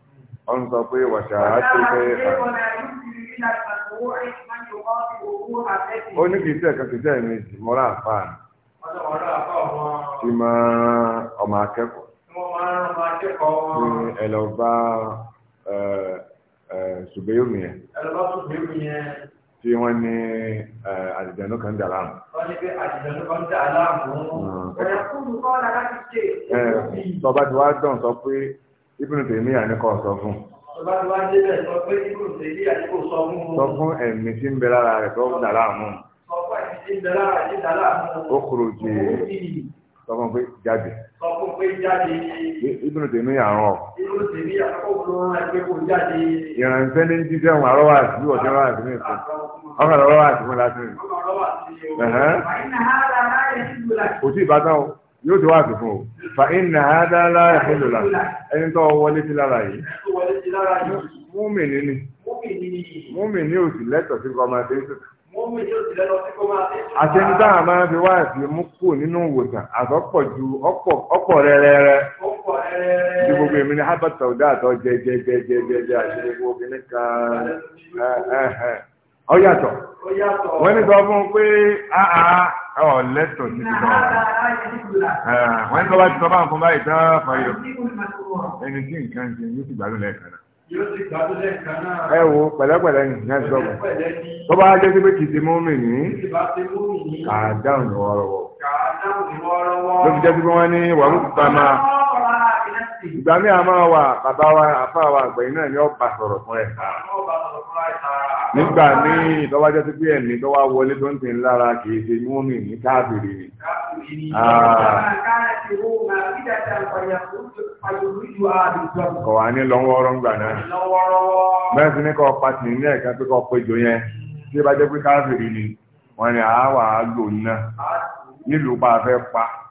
ọ ń sọ pé wàṣà àti bẹ́ẹ̀ ó ní kìí tẹ̀ kan kìí tẹ̀ mi sí mọ́ra àfáà tí máa ọmọ akẹ́kọ̀ọ́ ní ẹlọ́ba ṣùgbẹ́yọ̀mí yẹn tí wọ́n ní àdìjànú kan dà láàmú. wọ́n ní pé àdìjànú kan dà láàmú. Hmm. ọ̀rẹ́ kúrú kọ́ ọ́ la láti ṣe. tọ́ba ti wá dán sọ pé ibùdó tèmi àní kò sọ fún. sọ fún ẹ̀mí tí ń bẹ lára rẹ̀ tó dà láàmú. ó kúrò jì í sọ fún pé jáde. sọ fún pé jáde. ibùdó tèmi àrùn ọ. ibùdó tèmi àkókò ló ń rán ẹgbẹ́ kó jáde. ìrànṣẹ́ ní jíjẹ́ òun àrọ́wà àti ìwọ̀sẹ̀ àrọ́wà àti ní ìfọ̀ ọkọ̀ àrọ́wà àti fún lásìrì. ọkọ̀ àrọ́wà àti ìwọ̀sẹ̀. kò sí ìbátan o. yóò ti wá fún o fa iná ádá lára ìpínlẹ̀ lára ẹni tó wọlé sí lára yìí múmi níní múmi ní òsì lẹ́tọ̀ sí kọ́ máa ṣe ń si àti ní máa fi wá sí mú kú nínú ìwòsàn àtọ́pọ̀ ju ọ̀pọ̀ rẹ́rẹ́rẹ́ ju gbogbo èmi ní habata ọ̀dà àtọ́ jẹjẹjẹjẹjẹ àti gbogbo obìnrin ọ yàtọ̀ wọ́n ní sọ fún un pé àà ọ̀ lẹ́tọ̀ sí ti sọ̀rọ̀ wọ́n ní sọ bá ti sọ bá ń fún báyìí tán fàyọ ẹni tí nǹkan ṣe yóò sì gbádùn lẹ́ẹ̀kan náà. Ẹ wo pẹ̀lẹ́pẹ̀lẹ́ ní ìyá ìjọba. Tó bá jẹ́ pé kìí ti mú mi ní. Kàá dáhùn ní wọ́ọ́rọ́wọ́. Ló fi jẹ́ pé wọ́n ní wàhùn pàmà ìgbà mi àmọ́ wa bàbá wa àfa wa àgbẹ̀yìn náà ni ó bá sọ̀rọ̀ fún ẹ̀. nígbà míì ìtọ́wájọ́ ti pé ẹ̀mí tó wá wọlé tó ń tì ń lára kì í ṣe múmi ní káàbìrì ni. Ah. kọ̀ wá ní lọ́wọ́rọ́ ńgbà náà. bẹ́ẹ̀ sì ni kọ́ pati ní ẹ̀ka pé kọ́ péjọ yẹn tí ó bá jẹ́ pé káàbìrì ni wọ́n ní àá wà á náà nílùú bá a fẹ́ pa.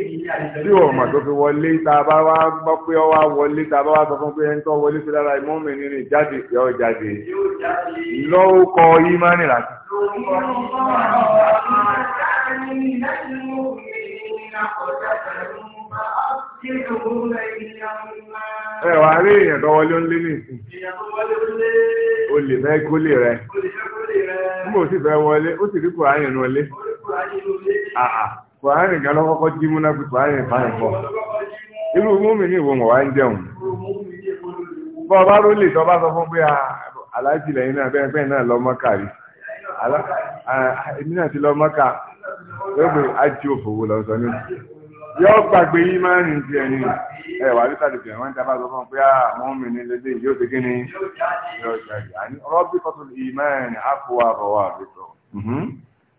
tí wọ́n mọ̀ tó fi wọlé tá a bá wá gbọ́ pé ọ wá wọlé tá a bá wá sọ fún pé ẹni tó wọlé sí lára ìmọ̀ọ́mì nínú ìjáde yọ jáde lọ́wọ́ kọ ìmánì láti. ẹ wàá rí èèyàn tó wọlé ń lé ní ìsìn. o lè fẹ́ kólé rẹ. n kò sì fẹ́ wọlé ó sì rí kùránì nulẹ̀. kùránì gan lọ́wọ́ kọ́ jí na pé kùránì ń fáyìn bọ̀ irú múmi ní ìwọ̀n wà ń jẹun bọ́ ọba ló lè tọ́ bá sọ fún pé ah, aláàjì lẹ́yìn náà bẹ́ẹ̀ bẹ́ẹ̀ náà lọ mọ́kà rí ah, èmi náà ti lọ mọ́kà lóògbé ájí òfòwò lọ sọ ní yọ gbàgbé yí máa ń rìn sí ẹni ẹ wà ní sàdùkì ẹ̀ wọ́n ń sọ fún múmi ní lédè yóò kíni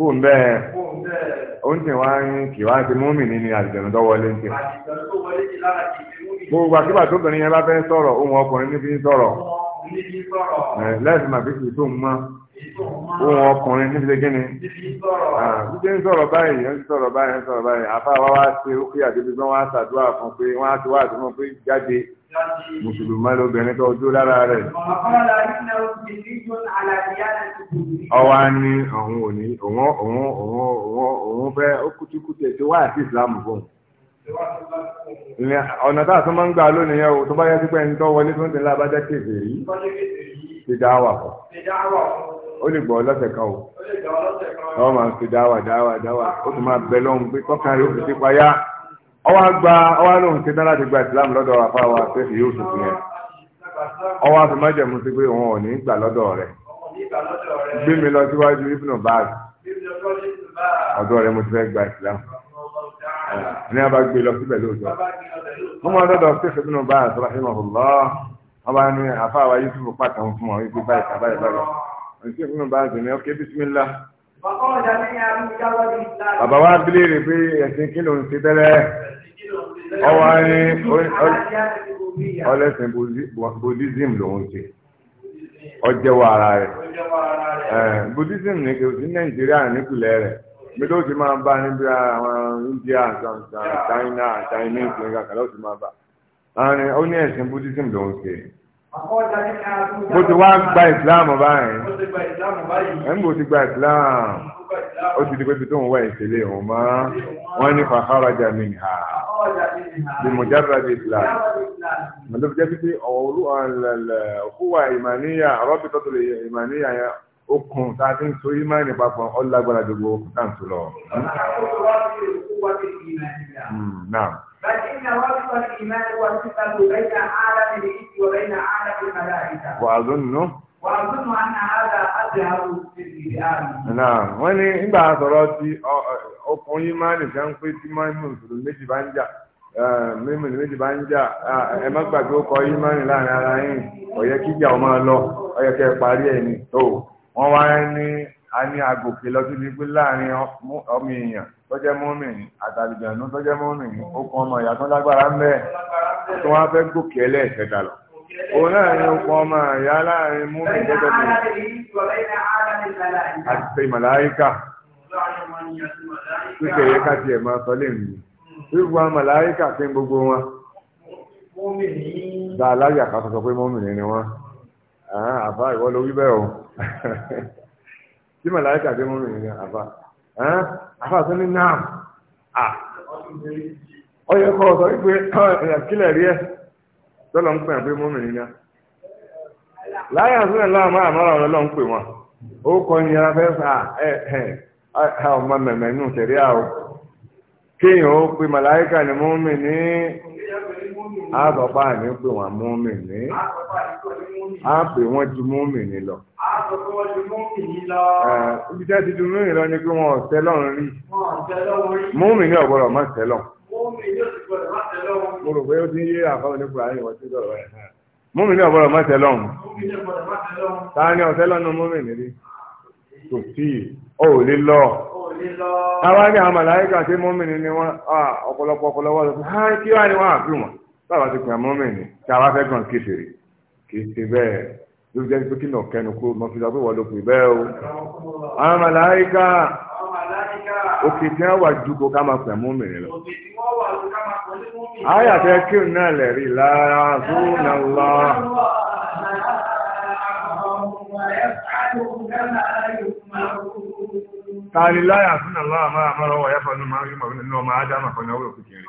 kó ń bẹ́ẹ̀ ó ń tẹ̀ wá ń kì wá ti múmi ní ni àdìjẹ̀nù tó wọlé ń tẹ̀. gbogbo àkíbà tó bẹ̀rẹ̀ yẹn bá fẹ́ sọ̀rọ̀ ohun ọkùnrin ní fi ń sọ̀rọ̀ lẹ́sìn màbí kì í tó ń mọ́ ohun ọkùnrin ní fi ṣe gíní. jíjẹ́ ń sọ̀rọ̀ báyìí ń sọ̀rọ̀ báyìí ń sọ̀rọ̀ báyìí àfa wa wá ṣe ó kí àdébí gbọ́n wá ṣàdúrà fún pé wọ́n á ti wá àdúrà fún pé jáde mùsùlùmá lóbìnrin tó dúró lára rẹ̀. ọwọ́ á ní òun ò ní òun òun òun òun òun fẹ́ ó kútíkútí ẹ̀ tí wá àti ìsìlámù fún un. ọ̀nà tá a tún máa ń gbà lónìí yẹn o tó bá yẹ sí pé ẹni tó wọlé tó ń tẹ̀lé abájá kébè rí ti dá wà fún. ó lè gbọ́ lọ́sẹ̀ kan o. ó lè gbọ́ lọ́sẹ̀ kan o. wọ́n máa ń fi dáwà dáwà dáwà ó tún máa bẹ lọ́hùn pé kọ́kànlélógún ti payá ọwọ́ agba ọwọ́ alóhùn ti náírà ti gba ìsìlámù lọ́dọ̀ afá wa sẹ́fì Yusuf yẹn ọwọ́ afẹ́mọ́jẹ̀mú sí pé òun ò ní gbà lọ́dọ̀ rẹ̀ gbé mi lọ síwájú ibùnú báàgì ọ̀dọ́ rẹ̀ mo ti fẹ́ gba ìsìlámù ní abá gbé lọ síbẹ̀ lóòótọ́ wọ́n máa lọ́dọ̀ sẹ́fì ibùnú báàgì sọ́ra ṣe mọ̀ lọ́ wọ́n bá ní afá wa Yusuf pàtàkùn fún wọn wípé báyìí Bàbá wa bílèrè pé ẹ̀sìn kí ló ń ṣe tẹ́lẹ̀. Ọwọ́ ni ọlẹ́sìn Buddhism ló ń ṣe. Ọjẹ́wọ́ ara rẹ̀. Buddhism ní kí o sí Nàìjíríà nípìnlẹ̀ rẹ̀. Mi ló ti máa bá níbi àwọn India, China, Chinese, nígbà kan ló ti máa bá. Ó ní ẹ̀sìn Buddhism ló ń ṣe bó ti wá gba ìsìláàmù báyìí ẹ̀ ń bò ti gba ìsìláàmù ó ti di pé tó ń wá ìṣẹ̀lẹ̀ òun mọ́ wọ́n ní fàkàràjà mi ní ha bí mo jáde láti ìsìláàmù mo ló fi jẹ́ pípé ọ̀wọ́ òkúwà ìmàníyà ọ̀rọ̀bí tọ́tù lè ìmàníyà yẹn okùn tá a ti ń so ìmánì papọ̀ ọ̀lágbára gbogbo táǹtù lọ. بل إن ربط الإيمان والصفة بين عالم الإنس وبين عالم الملائكة وأظن ọkùnrin yìí máa pé tí méjì bá ń jà mímìlì méjì bá ń jà ẹ má gbàgbé yìí máa láàrin ara yín ọ̀yẹ́ kíjà ọ máa lọ ọ̀yẹ́ kẹ́ ẹ parí ẹ̀ ní tó wọ́n wá ní a ní agòkè lọ pé láàrin ọmọ èèyàn tọ́jẹ́ mọ́mìnì àtàlùjànú tọ́jẹ́ mọ́mìnì okùn ọmọ ìyá tó lágbára ń bẹ́ẹ̀ tí wọ́n fẹ́ gòkè ẹlẹ́ẹ̀kẹta lọ. òun láàrin okùn ọmọ ìyá láàrin mọ́mìnì tọ́jẹ́ mọ́mìnì àti màláíkà pípẹ́ yẹ ká tiẹ̀ máa sọ léèmí wíwú àwọn màláíkà pé gbogbo wọn. dá aláyà ká sọ pé mọ́mìnì ni wọ́n àbá ìwọ ló wí bẹ́ẹ̀ o tí [laughs] màláíkà pé mọ́mìnì ni àbá. àfàtún ní náà à ọ yẹ kọ́ ọ̀sọ́ wípé kílẹ̀ rí ẹ lọ́lọ́ ń pè é pé mọ́mìnrin náà láyé àtúnlẹ̀ láàmú àmọ́ra ọ̀rọ̀ lọ́n pè wọ́n ó ní ara ọmọ kéèyàn ó ni a sọ pé àní pè wọ́n mùmínì a pè wọ́n ju mùmínì lọ. a sọ pé wọ́n ju mùmínì lọ. ibi tí a ti ju mùmínì lọ ni pé wọn ò tẹ́lọ̀ ń rí. wọn ò tẹ́lọ̀ ń rí. mùmínì ò gbọ́dọ̀ má tẹ́lọ̀. mùmínì ò sì gbọ́dọ̀ má tẹ́lọ̀. mo rò pé ó ti ń yé àfáwọn oníkùrà ní ìwọ̀n tí ó sọ̀rọ̀ ẹ̀ mọ́mìnì ọ̀bọ̀rọ̀ mọ́tẹ lọ́hùn ta ni ọ̀tẹ́ lọ́nu mọ́mìnì rí kò sí ọ ò lè lọ táwa ní àwọn màláyíkà tí mọ́mìnì ni wọ́n ọ̀pọ̀lọpọ̀ ọ̀pọ̀lọpọ̀ sọ pé kí wá ni wọ́n àfi wọn báwa ti pè mọ́mìn ni tí a wá fẹ́ kàn kéfèrè kì ṣe bẹ́ẹ̀ ló jẹ́ pé kí nà kẹnu kó mọ́ fi sọ pé wọ́n ló pè bẹ́ẹ̀ o. àwọn màláíkà òkè tí wọ́n wà ju kó ká máa pè mọ́mìn lọ. àyà fẹ́ kí n náà lè rí lára fún nàlá. Tàlí láyà fún àlọ́ àmọ́ àmọ́ ọwọ́ ẹ̀fọ́ ní ọmọ Ádámà kan ní ọwọ́ òkú kìíní.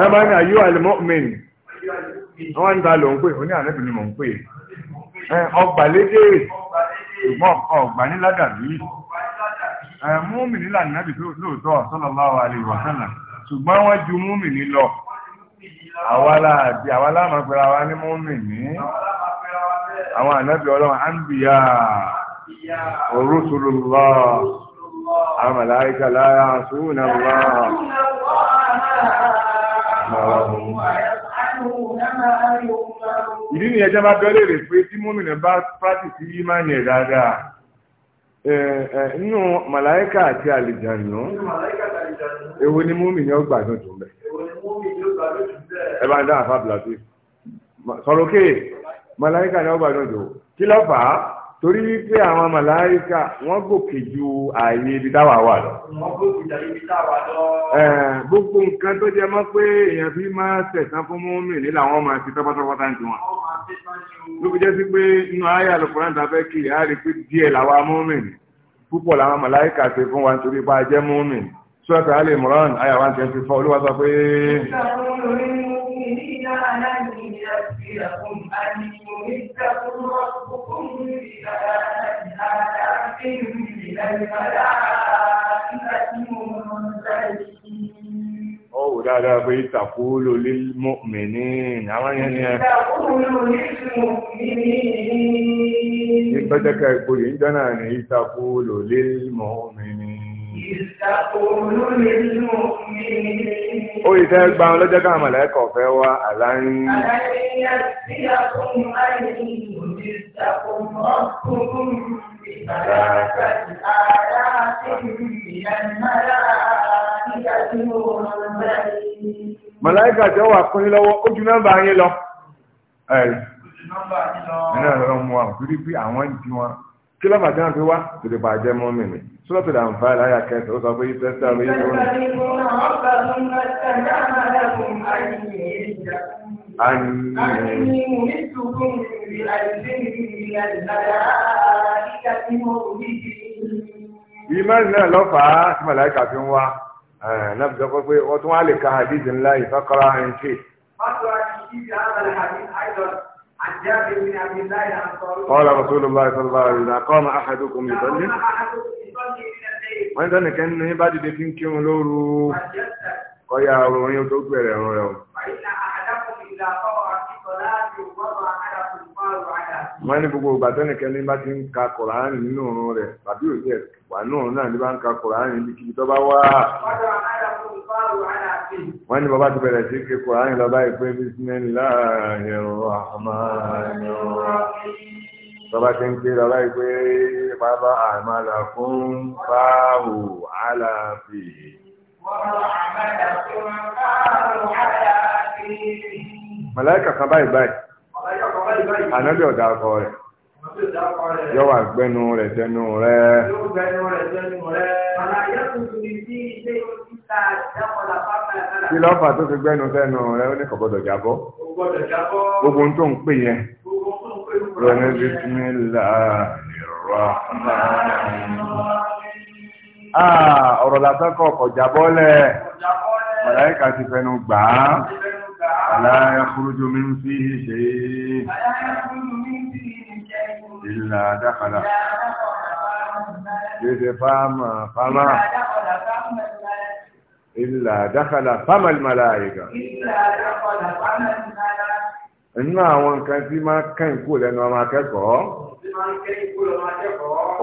sábà ní ayé alimọ́mìn wọ́n ń ta lò ń pè ó ní ànábì ni mò ń pè ọgbà lédè ṣùgbọ́n ọgbà ní ládàbí múmìnì lànàbì lóòótọ́ sallallahu alaihi wa sallam ṣùgbọ́n wọ́n ju múmìnì lọ àwálà àti àwálà àmàgbèrè àwa ní múmìnì àwọn ànábì ọlọ́run àǹbìyà rusulullah àwọn màláíkà la ya'suna Allah ìdí ni ẹjẹ́ bá bẹ́lẹ̀ rẹ̀ pé tí mọ́mìnà bá pàtìsí yí máa ní ẹ̀ dáadáa nínú màláíkà àti àlìjànú èwo ni mọ́mìnà ó gbàdùn tó bẹ̀ ẹ bá ń dá àfábìlà sí sọ̀rọ̀ kéè màláíkà ni ó gbàdùn tó kí ló torí wípé àwọn màláíkà wọ́n gòkè ju ààyè ibi táwa wà lọ. wọ́n gòkè ju ààyè ibi táwa lọ. gbogbo nǹkan tó jẹ mọ́ pé èèyàn fi máa tẹ̀sán fún mọ́mì ní làwọn máa ti tọ́pọ́tọ́pọ́tà ń tiwọn. ló fi jẹ́ sí pé inú ayé àlùkùrán tàbẹ́ kiri á rí pé díẹ̀ làwa mọ́mì púpọ̀ làwọn màláíkà ṣe fún wa nítorí bá jẹ́ mọ́mì Sọ́ọ̀tà Alẹ́ Imran, Aya 124, olúwa sọ pé. dáadáa pé ìtàkúlò lè mọ̀mí ní àwọn yẹn ni ẹ. Ìtàkúlò lè mọ̀mí ní. Ìgbẹ́jẹ́ka ìgboyè ń dáná ní ìtàkúlò lè mọ̀mí ní ó yìí fẹ́ gba ọlọ́jọ́ ká àmàlà ẹ̀kọ́ fẹ́ wá àláyín. Màláìkà tí ó wà lọ́wọ́, ó nọ́mbà yín lọ. Ẹ̀rì. nọ́mbà yín lọ. Ẹ̀rì mu wa, torí pé àwọn ìdí wọn kí ló bàjẹ́ náà fi wá tòlè bàjẹ́ mọ́ mímì sọ́dọ̀ tòlè àǹfààní àyà kẹsàn-án ó sọ pé yíṣẹ́ sí àwọn yíṣẹ́ wọn. ìmọ̀lì náà lọ́fàá tí màláìkà fi ń wá náà fi sọ pé wọ́n tún wá lè ka hadith ńlá ìfọ́kọ́rọ́ àyìnṣe. wọ́n tún قال رسول الله صلى الله عليه وسلم قام أحدكم يصلي wọ́n tẹ́lẹ̀ kẹ́ni ní bá dìde fi ń kírun lóru kọ́yà orin tó gbẹ̀rẹ̀ ọ̀rọ̀ rẹ̀ wọ́n ní gbogbo ìgbà tó nìkan ní bá ti ń ka kọ̀ránì nínú òun rẹ̀ tàbí òjì ẹ̀ wà nínú òun náà ní bá ń ka kọ̀ránì níbi kíbi tó bá wá. wọ́n ní bàbá ti bẹ̀rẹ̀ sí ké kọ̀ránì lọ báyìí pé bismillahir rahmanir rahim. bàbá ti ń ké lọ báyìí pé bàbá àmàlà fún báwò àlàáfíì. bàbá àmàlà fún báwò àlàáfíì. màláìkà kan báyìí báyìí ànábì ọ̀dà akọ rẹ̀ yọ wà gbẹnu rẹ̀ tẹnu rẹ̀. kí lọ́fà tó fi gbẹnu tẹnu rẹ̀ ó ní kò gbọ́dọ̀ jábọ́ gbogbo ohun tó ń pè yẹn rẹ̀ ní bísímílláhi rrahmani ah, ọ̀rọ̀ lásán kọ̀ kọ̀ jábọ́lẹ̀ màláíkà ti fẹnu gbà á. لا يخرج من فيه شيء إلا دخل فما فما إلا دخل فم الملائكة إلا دخل فم الملائكة nínú àwọn nǹkan tí máa kàn kú lẹ́nu ọmọ akẹ́kọ̀ọ́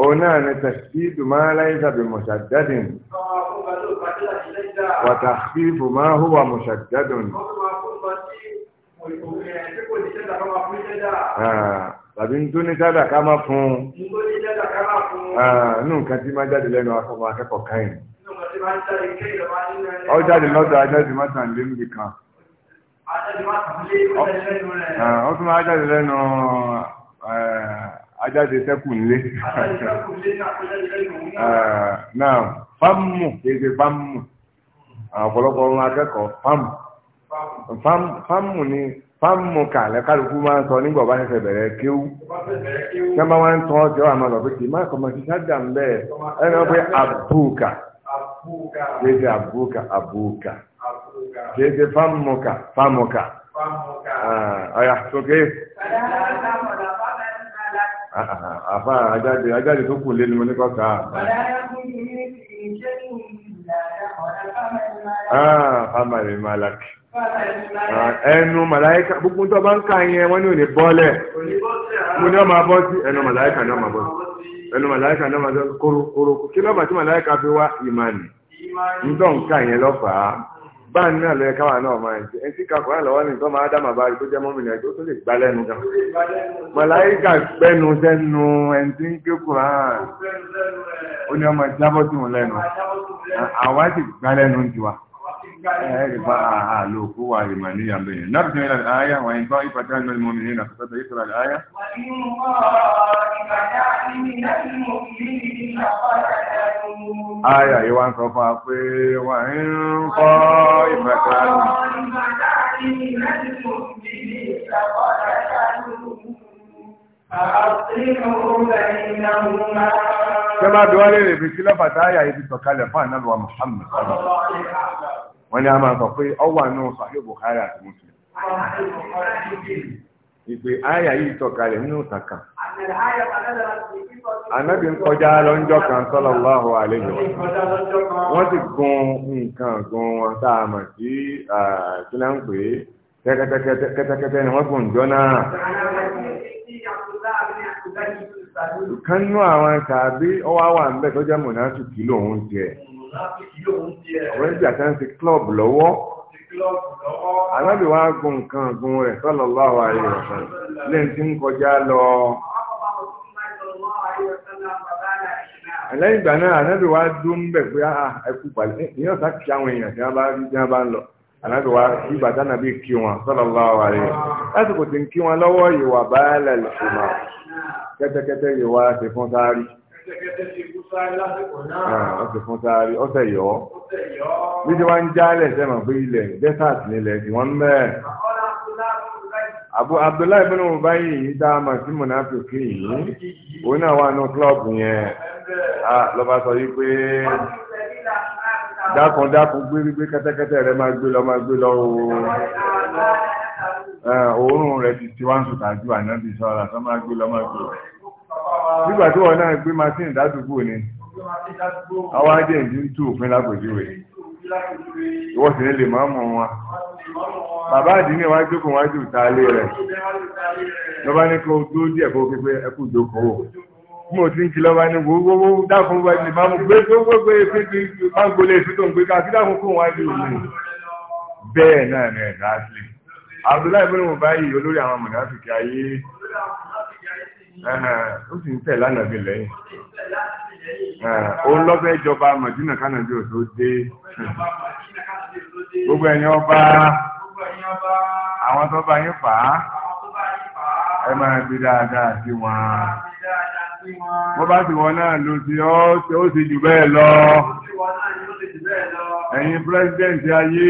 òun náà ni tẹ̀síìdù máa láìsà bí mọ̀ṣàdádìn wàtàkìfù máa hùwà mọ̀ṣàdádìn ah, tàbí tó ní sádà ká má fún un nínú ah, nǹkan tí máa jáde lẹ́nu ọmọ akẹ́kọ̀ọ́ káyìn ọ jáde lọ́dọ̀ ajá ti má tàn ó tún máa jáde lẹ́nu eh, ajáde sẹ́kù nílé. Eh, náà fámù kéde fámù ọ̀pọ̀lọpọ̀ ọmọ akẹ́kọ̀ọ́ fámù fámù ni fámù kàlẹ́ kálukú máa ń sọ nígbà bá ṣẹ̀ṣẹ̀ bẹ̀rẹ̀ kéwú tí wọ́n bá wá ń tọ́ ọ́ sí ọ́ àmọ́ lọ pé kì í má kọ́ máa ṣiṣẹ́ dà ń bẹ́ẹ̀ ẹni wọ́n pé àbúkà kéde àbúkà àbúkà kìí ṣe fámùkà fámùkà ọ̀yà sókè. àfa ajáde ajáde tó kù lẹ́nu oníkọ́ta. fámàlì malaki ẹnu màláíkà gbogbo tó bá ń ká yẹn wọ́n ní òní bọ́ọ̀lẹ̀ mo ní ọmọ abọ́ sí ẹnu màláíkà ní ọmọ abọ́ sí ẹnu màláíkà ní ọmọ abọ́ sí kóró kóró kí lọ́ba tí màláíkà fi wá ìmánì ń tọ́ ń ká yẹn lọ́fàá báyìí náà lọ́yẹ káwọn náà máa ń jẹ ẹtí kakọ̀ náà lọ́wọ́ nìkan máa dá màbá rí tó jẹ́ mọ́mìnà tó tó lè gbá lẹ́nu gan. màláìkà gbẹ́nu sẹ́nu ẹni tí ń ké Kùránì ó ní ọmọ ìjábọ̀ tì wọ́n lẹ́nu àwa ti gbá lẹ́nu tiwa. ارفعها لو قوة إيمانية بين نرجع إلى الآية وإن طائفتان من المؤمنين اقتتلوا يقرأ الآية وإن طائفتان من المؤمنين اقتتلوا آية يوان صفاقي وإن طائفتان من المؤمنين اقتتلوا Ṣé máa bí wọ́n lè rè fi kí lọ́pàá táyà ibi tọ̀kalẹ̀ fún ànábì wa Mùhàmmad. wọ́n ní a máa sọ pé ọwà náà Sahih Bukhari àti Muslim ìpè àyà yìí tọ̀kalẹ̀ nínú ìtàkà anábì ń kọjá lọ́njọ́ kan wọ́n ti gun nǹkan gun wọn tá a mọ̀ sí kílá kẹ́tẹ́kẹ́tẹ́ ni wọ́n gùn jọ náà kánú àwọn ọwọ́ àwọn tó ọ̀rẹ́ ìjà kan ti klọ́ọ̀bù lọ́wọ́ alábì gun nǹkan gun rẹ̀ sallallahu alaihi wasallam lẹ́yìn tí ń kọjá lọ. lẹ́yìn ìgbà náà alábì dún bẹ̀ pé ah, ẹkú pàdé ìyẹn ọ̀sá kí àwọn èèyàn tí wọ́n bá rí tí wọ́n bá ń lọ alábì kí bàtà náà bí kí wọn sallallahu alaihi wasallam lásìkò tí ń kí wọn lọ́wọ́ ìwà báyà lẹ́lẹ́sìn kẹ́tẹ́kẹ́tẹ́ yìí wá ṣe fún sáárì. kẹ́tẹ́kẹ́tẹ́ ọ̀sẹ̀ ah, fún sáré o yọ̀ ọ́ bí tí wọ́n ń jálẹ̀ sẹ́mọ̀ pé ilẹ̀ desert nílẹ̀ tí wọ́n ń bẹ́ẹ̀. Abu Abdullahi bin Ubayi yìí dá a mọ̀ sí Mùnàfíkì yìí, òun náà wà ah, ní klọ́ọ̀bù yẹn. Lọ́ba sọ yìí pé dákun dákun gbérígbé kẹ́tẹ́kẹ́tẹ́ rẹ máa gbé lọ máa gbé lọ ooo eh, òórùn rẹ ti tiwáǹsù tàjú ànábì sọ́ra tó máa gbé lọ máa gbé lọ nígbà tí wọn náà gbé machine dádùgbò ni àwọn ajẹ́ǹdì ń tú òfin lápèjúwe ìwọ sì ní lè máa mọ̀ wọn bàbá àdínní wá jókòó wájú ìtàlé rẹ̀ lọ́ba ní kó tó díẹ̀ kó pé ẹkú jókòó mo ti ń kìlọ́ bá ní gbogbo dákun wá ní máa mú gbé gbogbo gbé pé kí máa ń gbolé sí tó ń gbé ká kí dákun kó wájú òun bẹ́ẹ̀ náà ní ẹ̀dá sílẹ̀ Abdullahi bẹ́ẹ̀ mo báyìí olórí àwọn mọ̀nàfíkì ayé ó sì ń tẹ̀ lánàá bí lẹ́yìn ó lọ́fẹ́ jọba màdínà kánàbí ò tó dé gbogbo ẹ̀yin ọba àwọn tó bá yín fà á ẹ máa gbé dáadáa sí wọn bó bá ti wọn náà ló ti ó ti jù bẹ́ẹ̀ lọ ẹ̀yin pírẹ́sidẹ̀ntì ayé.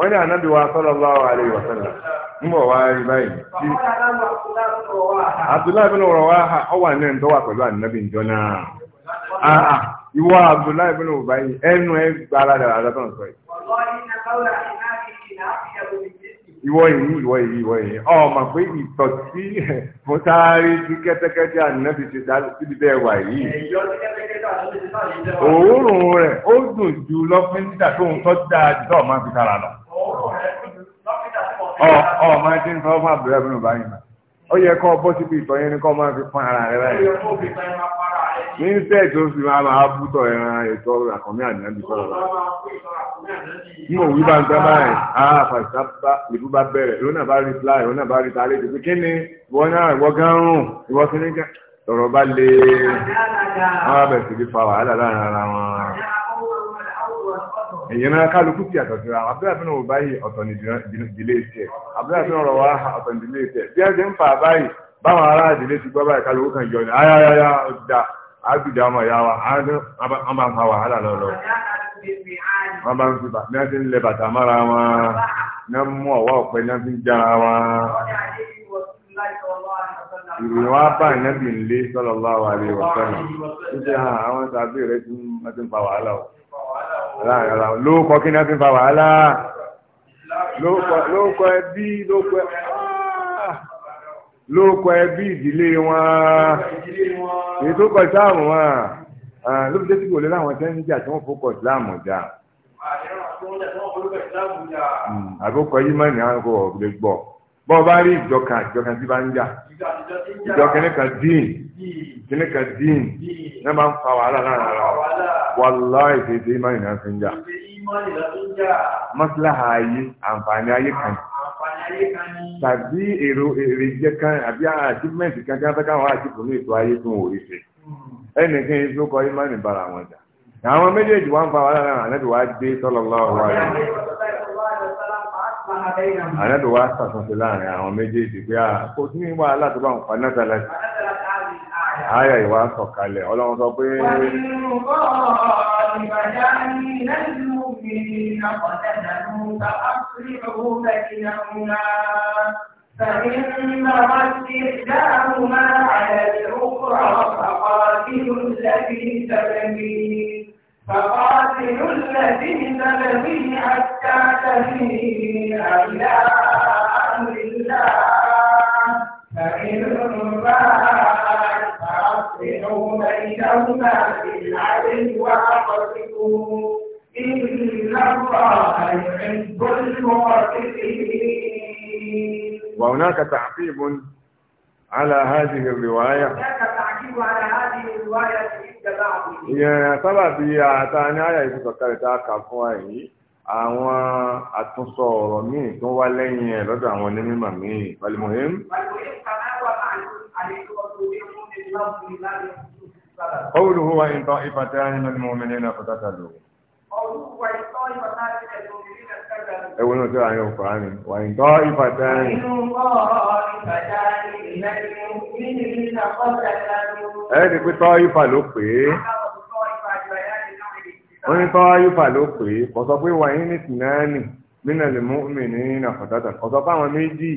wọ́n ní ànábì wa sallallahu alaihi wa sallam wá rí báyìí. Abdullahi bin Rawaha ọ wà na ẹ̀ńtọ́ pẹ̀lú ànábì ìjọ náà. Ìwọ Abdullahi bin Rawaha ẹnu ẹ gbára dára yìí. Ìwọ yìí, ìwọ yìí, ìwọ Ọ mà pé mo sáré sí kẹ́tẹ́kẹ́tẹ́ ànábì dá síbi bẹ́ẹ̀ wà yìí. Òórùn rẹ̀ ó dùn ju ọ máa ti ń sọ fún àbúrò ẹ̀bùn ọba yìí náà ó yẹ kó bọ́ síbi ìtọ̀ yẹn ni kó máa fi pọ́n ara rẹ báyìí. ní sẹ́ẹ̀ tó fi máa máa bú tọ̀ ẹran ètò àkànmí àdínábì sọ̀rọ̀ bá. n ò wí bá ń sábà ẹ̀ á fàṣà bá ìlú bá bẹ̀rẹ̀ ìlú náà bá rí fly ìlú náà bá rí talé ìdìbò kí ni ìwọ náà ìwọ gan ìwọ kí ni sọ̀rọ̀ bá le wọ́n bẹ̀ sí fi fa wàhálà láàárín ara wọn èyàn náà kálukú ti àtọ̀ síra abúlé àfihàn wò báyìí ọ̀tọ̀ ní ìdílé tiẹ̀ abúlé àfihàn rọ̀ wá ọ̀tọ̀ ní ìdílé tiẹ̀ bí ẹ̀jẹ̀ ń fà báyìí báwọn ará ìdílé ti gbọ́ báyìí kálukú kan yọ ni ayáyáyá da àgbìjà ọmọ ìyá wa wọ́n bá ń fa wàhálà lọ́lọ́ wọ́n bá ń fi bàtà náà ń lẹ bàtà mára wọn náà mú ọ̀wọ́ ọ̀pẹ náà fi ń wọn ìròyìn wa bá ìnábì ńlé sallallahu alaihi wasallam níbi àwọn tàbí rẹ ti ń fa wàhálà o láàrin ara wọn lóòkọ kí náà fi fa wàhálà lóòkọ ẹbí lóòkọ ah! lóòkọ ẹbí ìdílé wọn èyí tó kọ sáàmù wọn ló fi dé sí kò lé láwọn tẹ́ ń jà tí wọ́n fọkọ̀ síláàmù jà hmm, àbúkọ yìí mọ̀ ní àwọn kò lè gbọ́ bọ́ bá rí ìjọka ìjọka tí bá ń jà ìjọka ní kan dín kíní kan dín náà máa ń fa wàhálà láàrin ara wọn wàláì tètè ìmọ̀ ìná fi ń jà. mọ́síláhà ayé àǹfààní ayé kan tàbí èrò èrè jẹ́ kan àbí achievement kan tí wọ́n fẹ́ káwọn àjìkù ní ètò ayé fún òwe ṣe ẹnìkan yìí tó kọ ìmọ̀ ìbára wọn jà àwọn méjèèjì wá ń fa wàhálà náà ànábì wá dé sallallahu alaihi wasallam ànábì wá sàtúnṣe láàrin àwọn méjèèjì pé ah, kò sí wàhálà tó bá ń fa náà Àyà ìwà sọ̀kalẹ̀, ọlọ́run sọ pé فإن رد إحداهما على الأخرى فقاتلوا الذي تبغي فقاتلوا الذي تبغي حتى تبغي إلى المعتدين وهناك تعقيب على هذه الرواية هناك تعقيب على هذه الرواية ìyẹn sábàbí àtàní àyà ìfisọ̀kalẹ̀ tá a kà fún wa yìí àwọn àtúnsọ ọ̀rọ̀ míì tó wá lẹ́yìn ẹ̀ lọ́dọ̀ àwọn onímọ̀ míì balimohim. قوله وإن طائفتان من المؤمنين اقتتلوا ẹwọ náà tí wàá yọ ọkùnrin ni wà ní tọ́ ìfàtà ni. ẹ pé tọ́ ìfà ló pè é wọ́n ní tọ́ ìfà ló pè é kò sọ pé wà ní nìtìnnánì nínú ẹ̀lẹ́mú mi ní nàfàtàtà ọ̀sọ̀ fáwọn méjì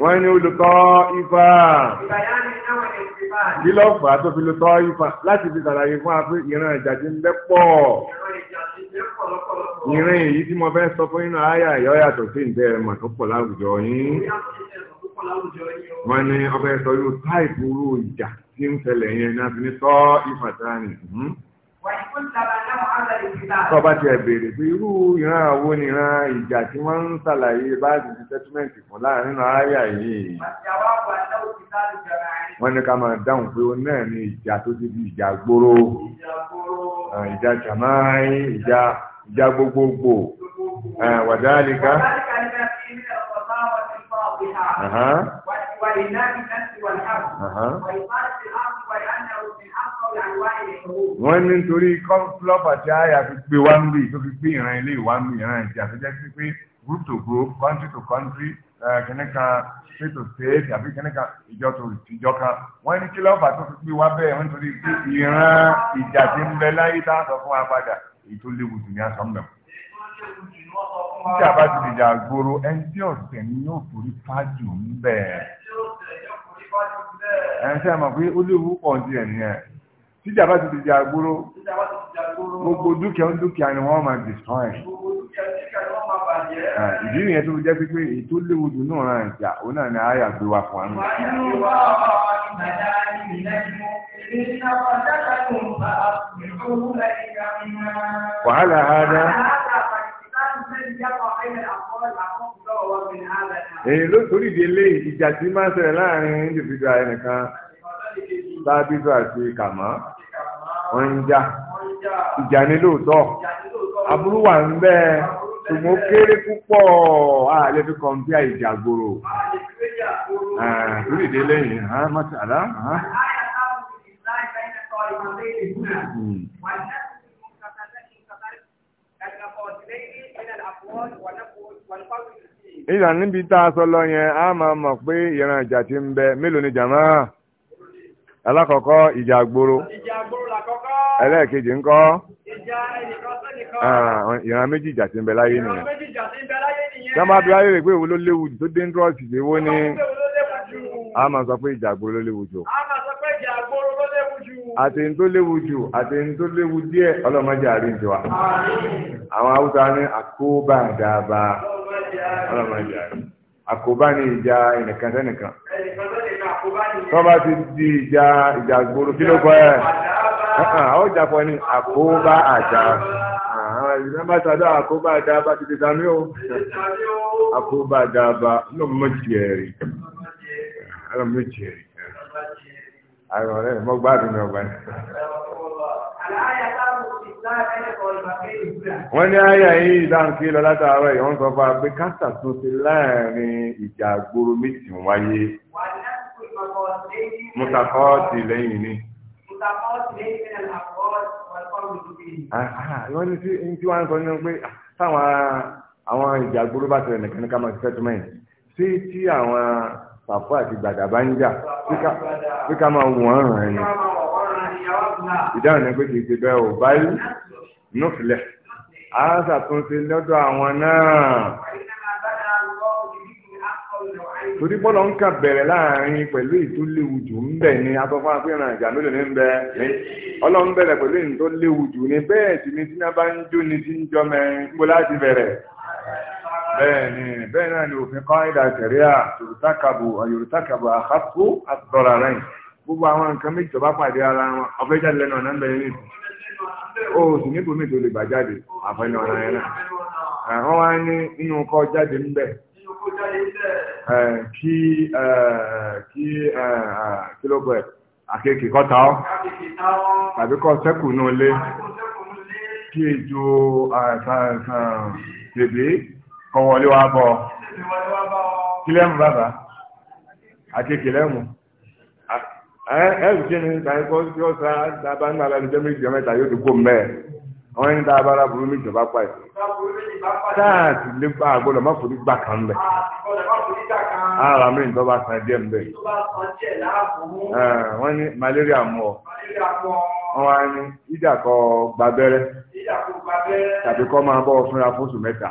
wọ́n ní olùkọ́ ifá kí ló fà á tó fi lùtọ́ ifá láti fi ṣàlàyé fún wa pé ìran ìjà ti ń bẹ pọ̀ ìran èyí tí mo fẹ́ sọ fún inú àyà ìyọ́ yàtọ̀ sí ìdẹ́ ẹ̀mọ̀ tó pọ̀ láwùjọ yín wọ́n ní ọbẹ̀ sọ yóò táìpù irú ìjà tí ń ṣẹlẹ̀ yẹn náà fi ní tọ́ ifá sáà nìyí tó bá tiẹ̀ béèrè pé irú ìran àwo ni ìran ìjà tí wọ́n ń ṣàlàyé báàgì ti sẹ́tímẹ́ǹtì fún láàrin àáyà yìí wọ́n ní ká máa dáhùn pé ó náà ni ìjà tó ti di ìjà gbóró ìjà jàmáì ìjà gbogbogbò wàdálíkà أها وإيمان النفس والحرب وإقامة الأرض وأنه من أفضل أنواع الحروب wọ́n ní nítorí kọ́ńtúlọ́pù àti àyà fi pé wá ń bì tó fi pé ìran ilé ìwà ń group to group country to country kìnnìkan state to state àbí kìnnìkan ìjọ tó ìjọ kan wọ́n ní kí lọ́ọ̀fà tó fi pé wá bẹ́ẹ̀ wọ́n nítorí pé ìran ìjà ti ń bẹ láyé tá a sọ fún wa padà èyí tó léwu jù ní asọ́mọ̀ọ́. tí a bá ti lè gbòòrò ẹni tí ọ̀sẹ̀ ni yóò forí fájù ń bẹ̀. ẹni tí a mọ̀ pé ó léwu pọ̀ sí ẹ̀ ní ẹ̀ tíjà bá ti lè jà gbòòrò gbogbo dúkìá dúkìá ni wọ́n máa ìdí nìyẹn tó fi jẹ́ pé ètò léwu jù náà ràn èyí ló torí di eléyìí ìjà tí máa ń ṣẹlẹ̀ láàrin individual ẹnìkan sábìtò àti kàmá wọn ń jà ìjà ni lóòótọ́ aburú wà ń bẹ́ẹ̀ ṣùgbọ́n kéré púpọ̀ àlẹ́ fi kọ̀m̀píà ìjà gbòòrò torí di eléyìí mọ́tàlá. wàhálà táwọn ìlà níbi tá a sọ lọ yẹn a máa mọ pé ìran ìjà ti ń bẹ mélòó ni jàmá alákọ̀ọ́kọ́ ìjà àgbòrò ẹlẹ́ẹ̀kejì ńkọ́ ìran méjì ìjà ti ń bẹ láyé nìyẹn tí bí láyé rè pé léwu ni a máa sọ pé ìjà ló àti ní tó léwu jù àti ní tó léwu díẹ̀ ọlọ́mọdé àárín tiwa. àwọn haúsá ní àkóbá dàbà ọlọ́mọdé àárín. àkóbá ní ìjà ẹnìkan sẹ́nìkan. tó bá ti di ìjà ìjà gbòòrò kí ló kọ ẹ. àwọn ìjà ní àkóbá àjà. àwọn àkóbá dàbà ti di o. àkóbá dàbà ọlọ́mọdé ẹ̀rí. ọlọ́mọdé ẹ̀rí àwọn ọ̀rẹ́ mọ́ gbádùn ní ọgbà yẹn. wọ́n ní àyà yìí ìdáhùn kí lọ látàárọ̀ yìí wọ́n sọ fún wa pé kásà tó ti láàrin ìjà àgbòrò méjì ń wáyé. mùsàkọ́ ti lẹ́yìn ni. mùsàkọ́ ti lẹ́yìn ní àkọ́ wọ́n ní tí wọ́n ń sọ ní pé ah, táwọn àwọn ìjà àgbòrò bá ti rẹ̀ nìkan ní ká máa ti tó mẹ́yìn ṣé tí àwọn pàpọ àti gbàdà bá ń jà pé ká máa wọ̀n ràn ẹni ìdáhùn ni pé kì í ṣe bẹ́ẹ̀ ò báyìí nùfìlẹ̀ á ṣàtúnṣe lọ́dọ̀ àwọn náà torí bọ́lọ̀ ń kà bẹ̀rẹ̀ láàrin pẹ̀lú ètò léwu jù ń bẹ̀ ni afọ́fọ́ apẹ́ran ìjà ló lè ní bẹ ní ọlọ́run bẹ̀rẹ̀ pẹ̀lú èyí léwu jù ní bẹ́ẹ̀ sì ni tí wọ́n bá ń jó ni tí ń jọmọ ẹ̀ ń láti bẹ̀rẹ̀ bẹ́ẹ̀ni bẹ́ẹ̀ náà ni òfin kan ìdá tẹ̀ríà yorùtákàbù yorùtákàbù àkàtú àtọ̀rà rẹ̀ gbogbo àwọn nǹkan méjì tó bá pàdé ara wọn ọ̀fẹ́ jáde lẹ́nu ọ̀nà ń bẹ̀rẹ̀ ní ìsìn ó sì níbo mi tó lè gbà jáde àfẹnù ọ̀nà yẹn náà wọ́n wá ní inú kọ́ jáde ń bẹ̀ kí kí kí ló bẹ̀ àkekèé kọ́ta ọ́ tàbí kọ́ sẹ́kù náà lé kí ejò bèbè kọ wọlé wá bọ́ kílẹ̀mù bàbá àti kílẹ̀mù kí ni tàbí kọ́ sí ọ̀sá dábàá nígbà láti jẹ́ méjì mẹ́ta yóò dúpọ̀ mẹ́ àwọn ẹni tá a burú méjì bá pa ẹ̀ táàtì lè gba àgbọ̀dọ̀ má forí gbà kan bẹ̀ ara mi tó bá san díẹ̀ mbẹ́ wọ́n ní malaria mú ọ wọ́n wá ní ìjà kọ́ gbabẹ́rẹ́ tàbí kọ́ máa bọ́ fúnra fóṣù mẹ́ta.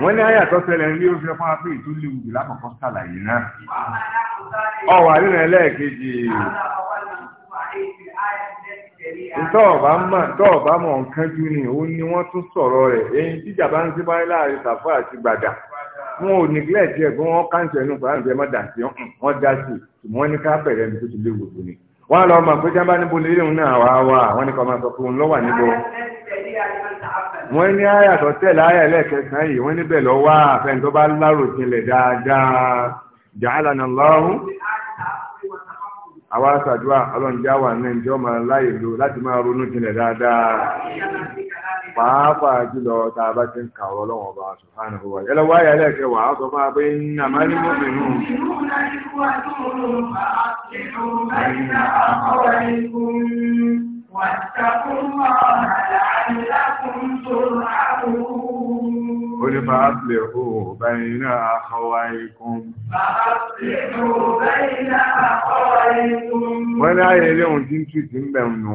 wọ́n ní àyà tó ṣẹlẹ̀ ní oṣù fún apé ìtúlẹ̀ òjò lákọ̀ọ́kọ́ sàlàyé náà ọwà nínú ẹlẹ́ẹ̀kejì tọ́ọ̀bá mọ̀ tọ́ọ̀bá mọ̀ nǹkan jù ni ó ní wọ́n tún sọ̀rọ̀ rẹ̀ èyí tíjà bá ń síbáyé láàrin sàfà àti gbàdà wọn ò nígbẹ́ẹ̀tì ẹ̀gbọ́n wọn káńtì ẹnu gbàdà ẹ̀ mọ́ dà sí wọn dá sí ṣùgbọ́n ní ká bẹ̀rẹ̀ ẹni tó ti léwu tó ni. wọ́n á lọ mọ̀ pé jábá níbo lè léwu náà wá wá àwọn nìkan máa sọ pé òun ló wà níbo. wọ́n ní àyà tẹ̀lé àyà ẹlẹ́ẹ̀kẹsàn-án yìí wọ́n níbẹ̀ lọ wá àfẹn tó bá lárò jinlẹ̀ dáadáa jàálànà lọ́rùn. àwa ṣàdúrà ọlọ́njà wà náà ìjọ máa láyè lò láti máa ronú jinlẹ̀ dáadáa. pàápàá jùlọ tá a bá ti ń kà lọ́wọ́ ọba subhanahu wa ta'ala wáyà wà á sọ fún wa pé nà má ní mọ́ mi nù. Ó ní bá a lè báyìí náà àkọwà ikún. Wọ́n ní ayẹyẹ ohun tí ń tù tí ń bẹ̀ nù.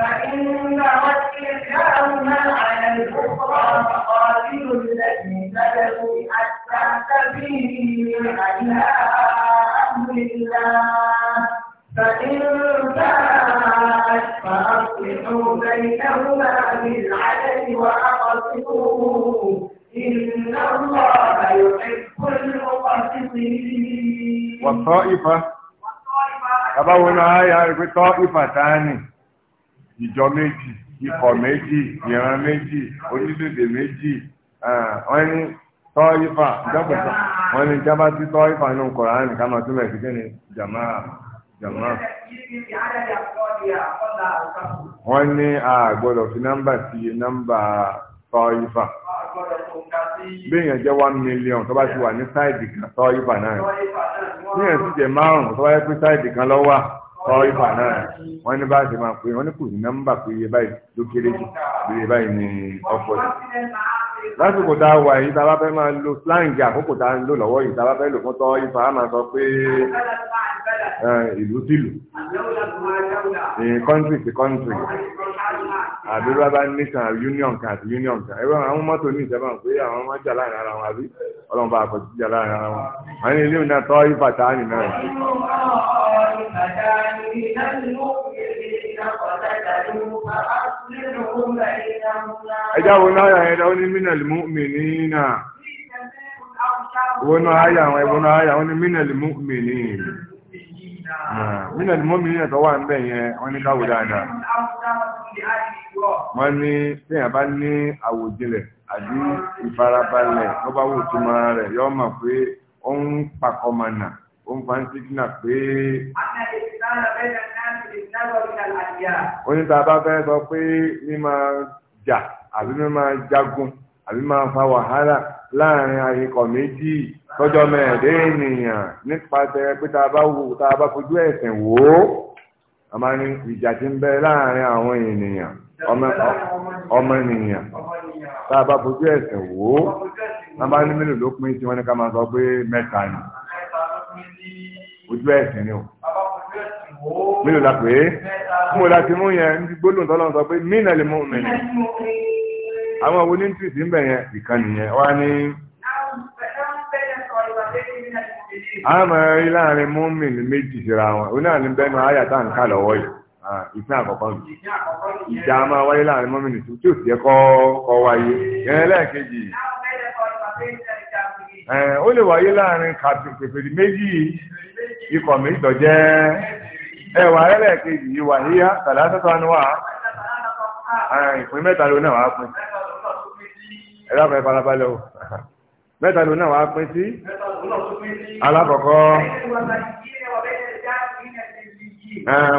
فإن وكلاهما على الأخرى فقاتلوا الذي تدعو حتى تبين إلى أمر الله فإن فاءت فأصلحوا بينهما بالعدل وأقسطوا إن الله يحب المقسطين والطائفة والطائفة أبونا يا طائفتان ìjọ méjì ikọ̀ méjì ìran méjì orílẹ̀-èdè méjì wọ́n ní tọ́ífà ìjọpẹ̀sán wọ́n ní jábá tí tọ́ífà inú Kùránì ká máa túmọ̀ ìfìdí ní jàmáà jàmáà. wọ́n ní a gbọ́dọ̀ fi nọ́mbà sí nọ́mbà tọ́ífà béèyàn jẹ́ one million tó bá ti wà ní sáìdì kan tọ́ífà náà béèyàn sì jẹ́ márùn-ún tó bá yẹ pé sáìdì kan ló wà kọ́ ìfà náà wọ́n ní bá ti máa pè wọ́n ní kò ní nọ́mbà pé iye báyìí ló kéré jù iye báyìí ní ọ̀pọ̀ jù. lásìkò tá a wà yìí tá a bá fẹ́ máa lo slang àkókò tá a ń lò lọ́wọ́ yìí tá a bá fẹ́ lò fún tọ́ ìfà á máa sọ pé ìlú sílù kọ́ńtì sí kọ́ńtì àbí bá bá union kan àti union kan ẹgbẹ́ àwọn mọ́tò ní ìjọba ń pé àwọn máa jà láàrin ara wọn àbí ọlọ́run bá àpò sí jà láàrin ara wọn àwọn ilé ìwé náà tọ́ ìfàtà á nìyẹn. ẹjá wo náà yà ẹ̀dá ó ní mínàlì mú mi ní náà wo náà yà wọn ẹ̀wọ̀n náà yà wọn ní mínàlì mú mi ní náà. Ah, nínú ẹ̀dùnmọ́mí ní ẹ̀tọ́ wà ń bẹ̀ yẹn wọ́n ní káwò dáadáa wọ́n ní téèyàn bá ní àwòjinlẹ̀ àbí ìfarabalẹ̀ tó bá wò tó mara rẹ̀ yọ́ mà pé ó ń pakọ́mọ̀nà ó ń fan sígínà pé. oníta bá fẹ́ sọ pé máa jà àbí máa jagun àbí máa fa wàhálà láàrin méjì. tọjọ́ mẹ́ẹ̀ẹ́dẹ́ ènìyàn nípasẹ̀ pé tá a bá wò tá a bá fojú ẹ̀sìn wò ó a máa ní ìjà tí ń bẹ láàrin àwọn ènìyàn ọmọ ènìyàn tá a bá fojú ẹ̀sìn wò ó a máa ní mélòó ló pín tí wọ́n ní ká máa sọ pé mẹ́ta ni ojú ẹ̀sìn ni o mélòó la pé mo la ti mú yẹn ní gbólóhùn tọ́lọ́ sọ pé mí nà lè mú mi ni àwọn wo ní tìsí ń bẹ̀ yẹn ìkànnì yẹn wá ní. a máa rí méjì síra wọn ó náà ní bẹ́nu lọ́wọ́ yìí ìpín àkọ́kọ́ nù ìjà máa wáyé láàrin múmin tó tí ò sì kọ́ wáyé yẹn lẹ́ẹ̀kejì ó lè wáyé láàrin kàpèpèpèrè méjì ikọ̀ méjì tó ìwà yíyá ìpín mẹ́ta ló náà pín ẹ̀rọ àpẹẹrẹ o. [laughs] mẹ́ta ló náà wá pín sí alákọ̀ọ́kọ́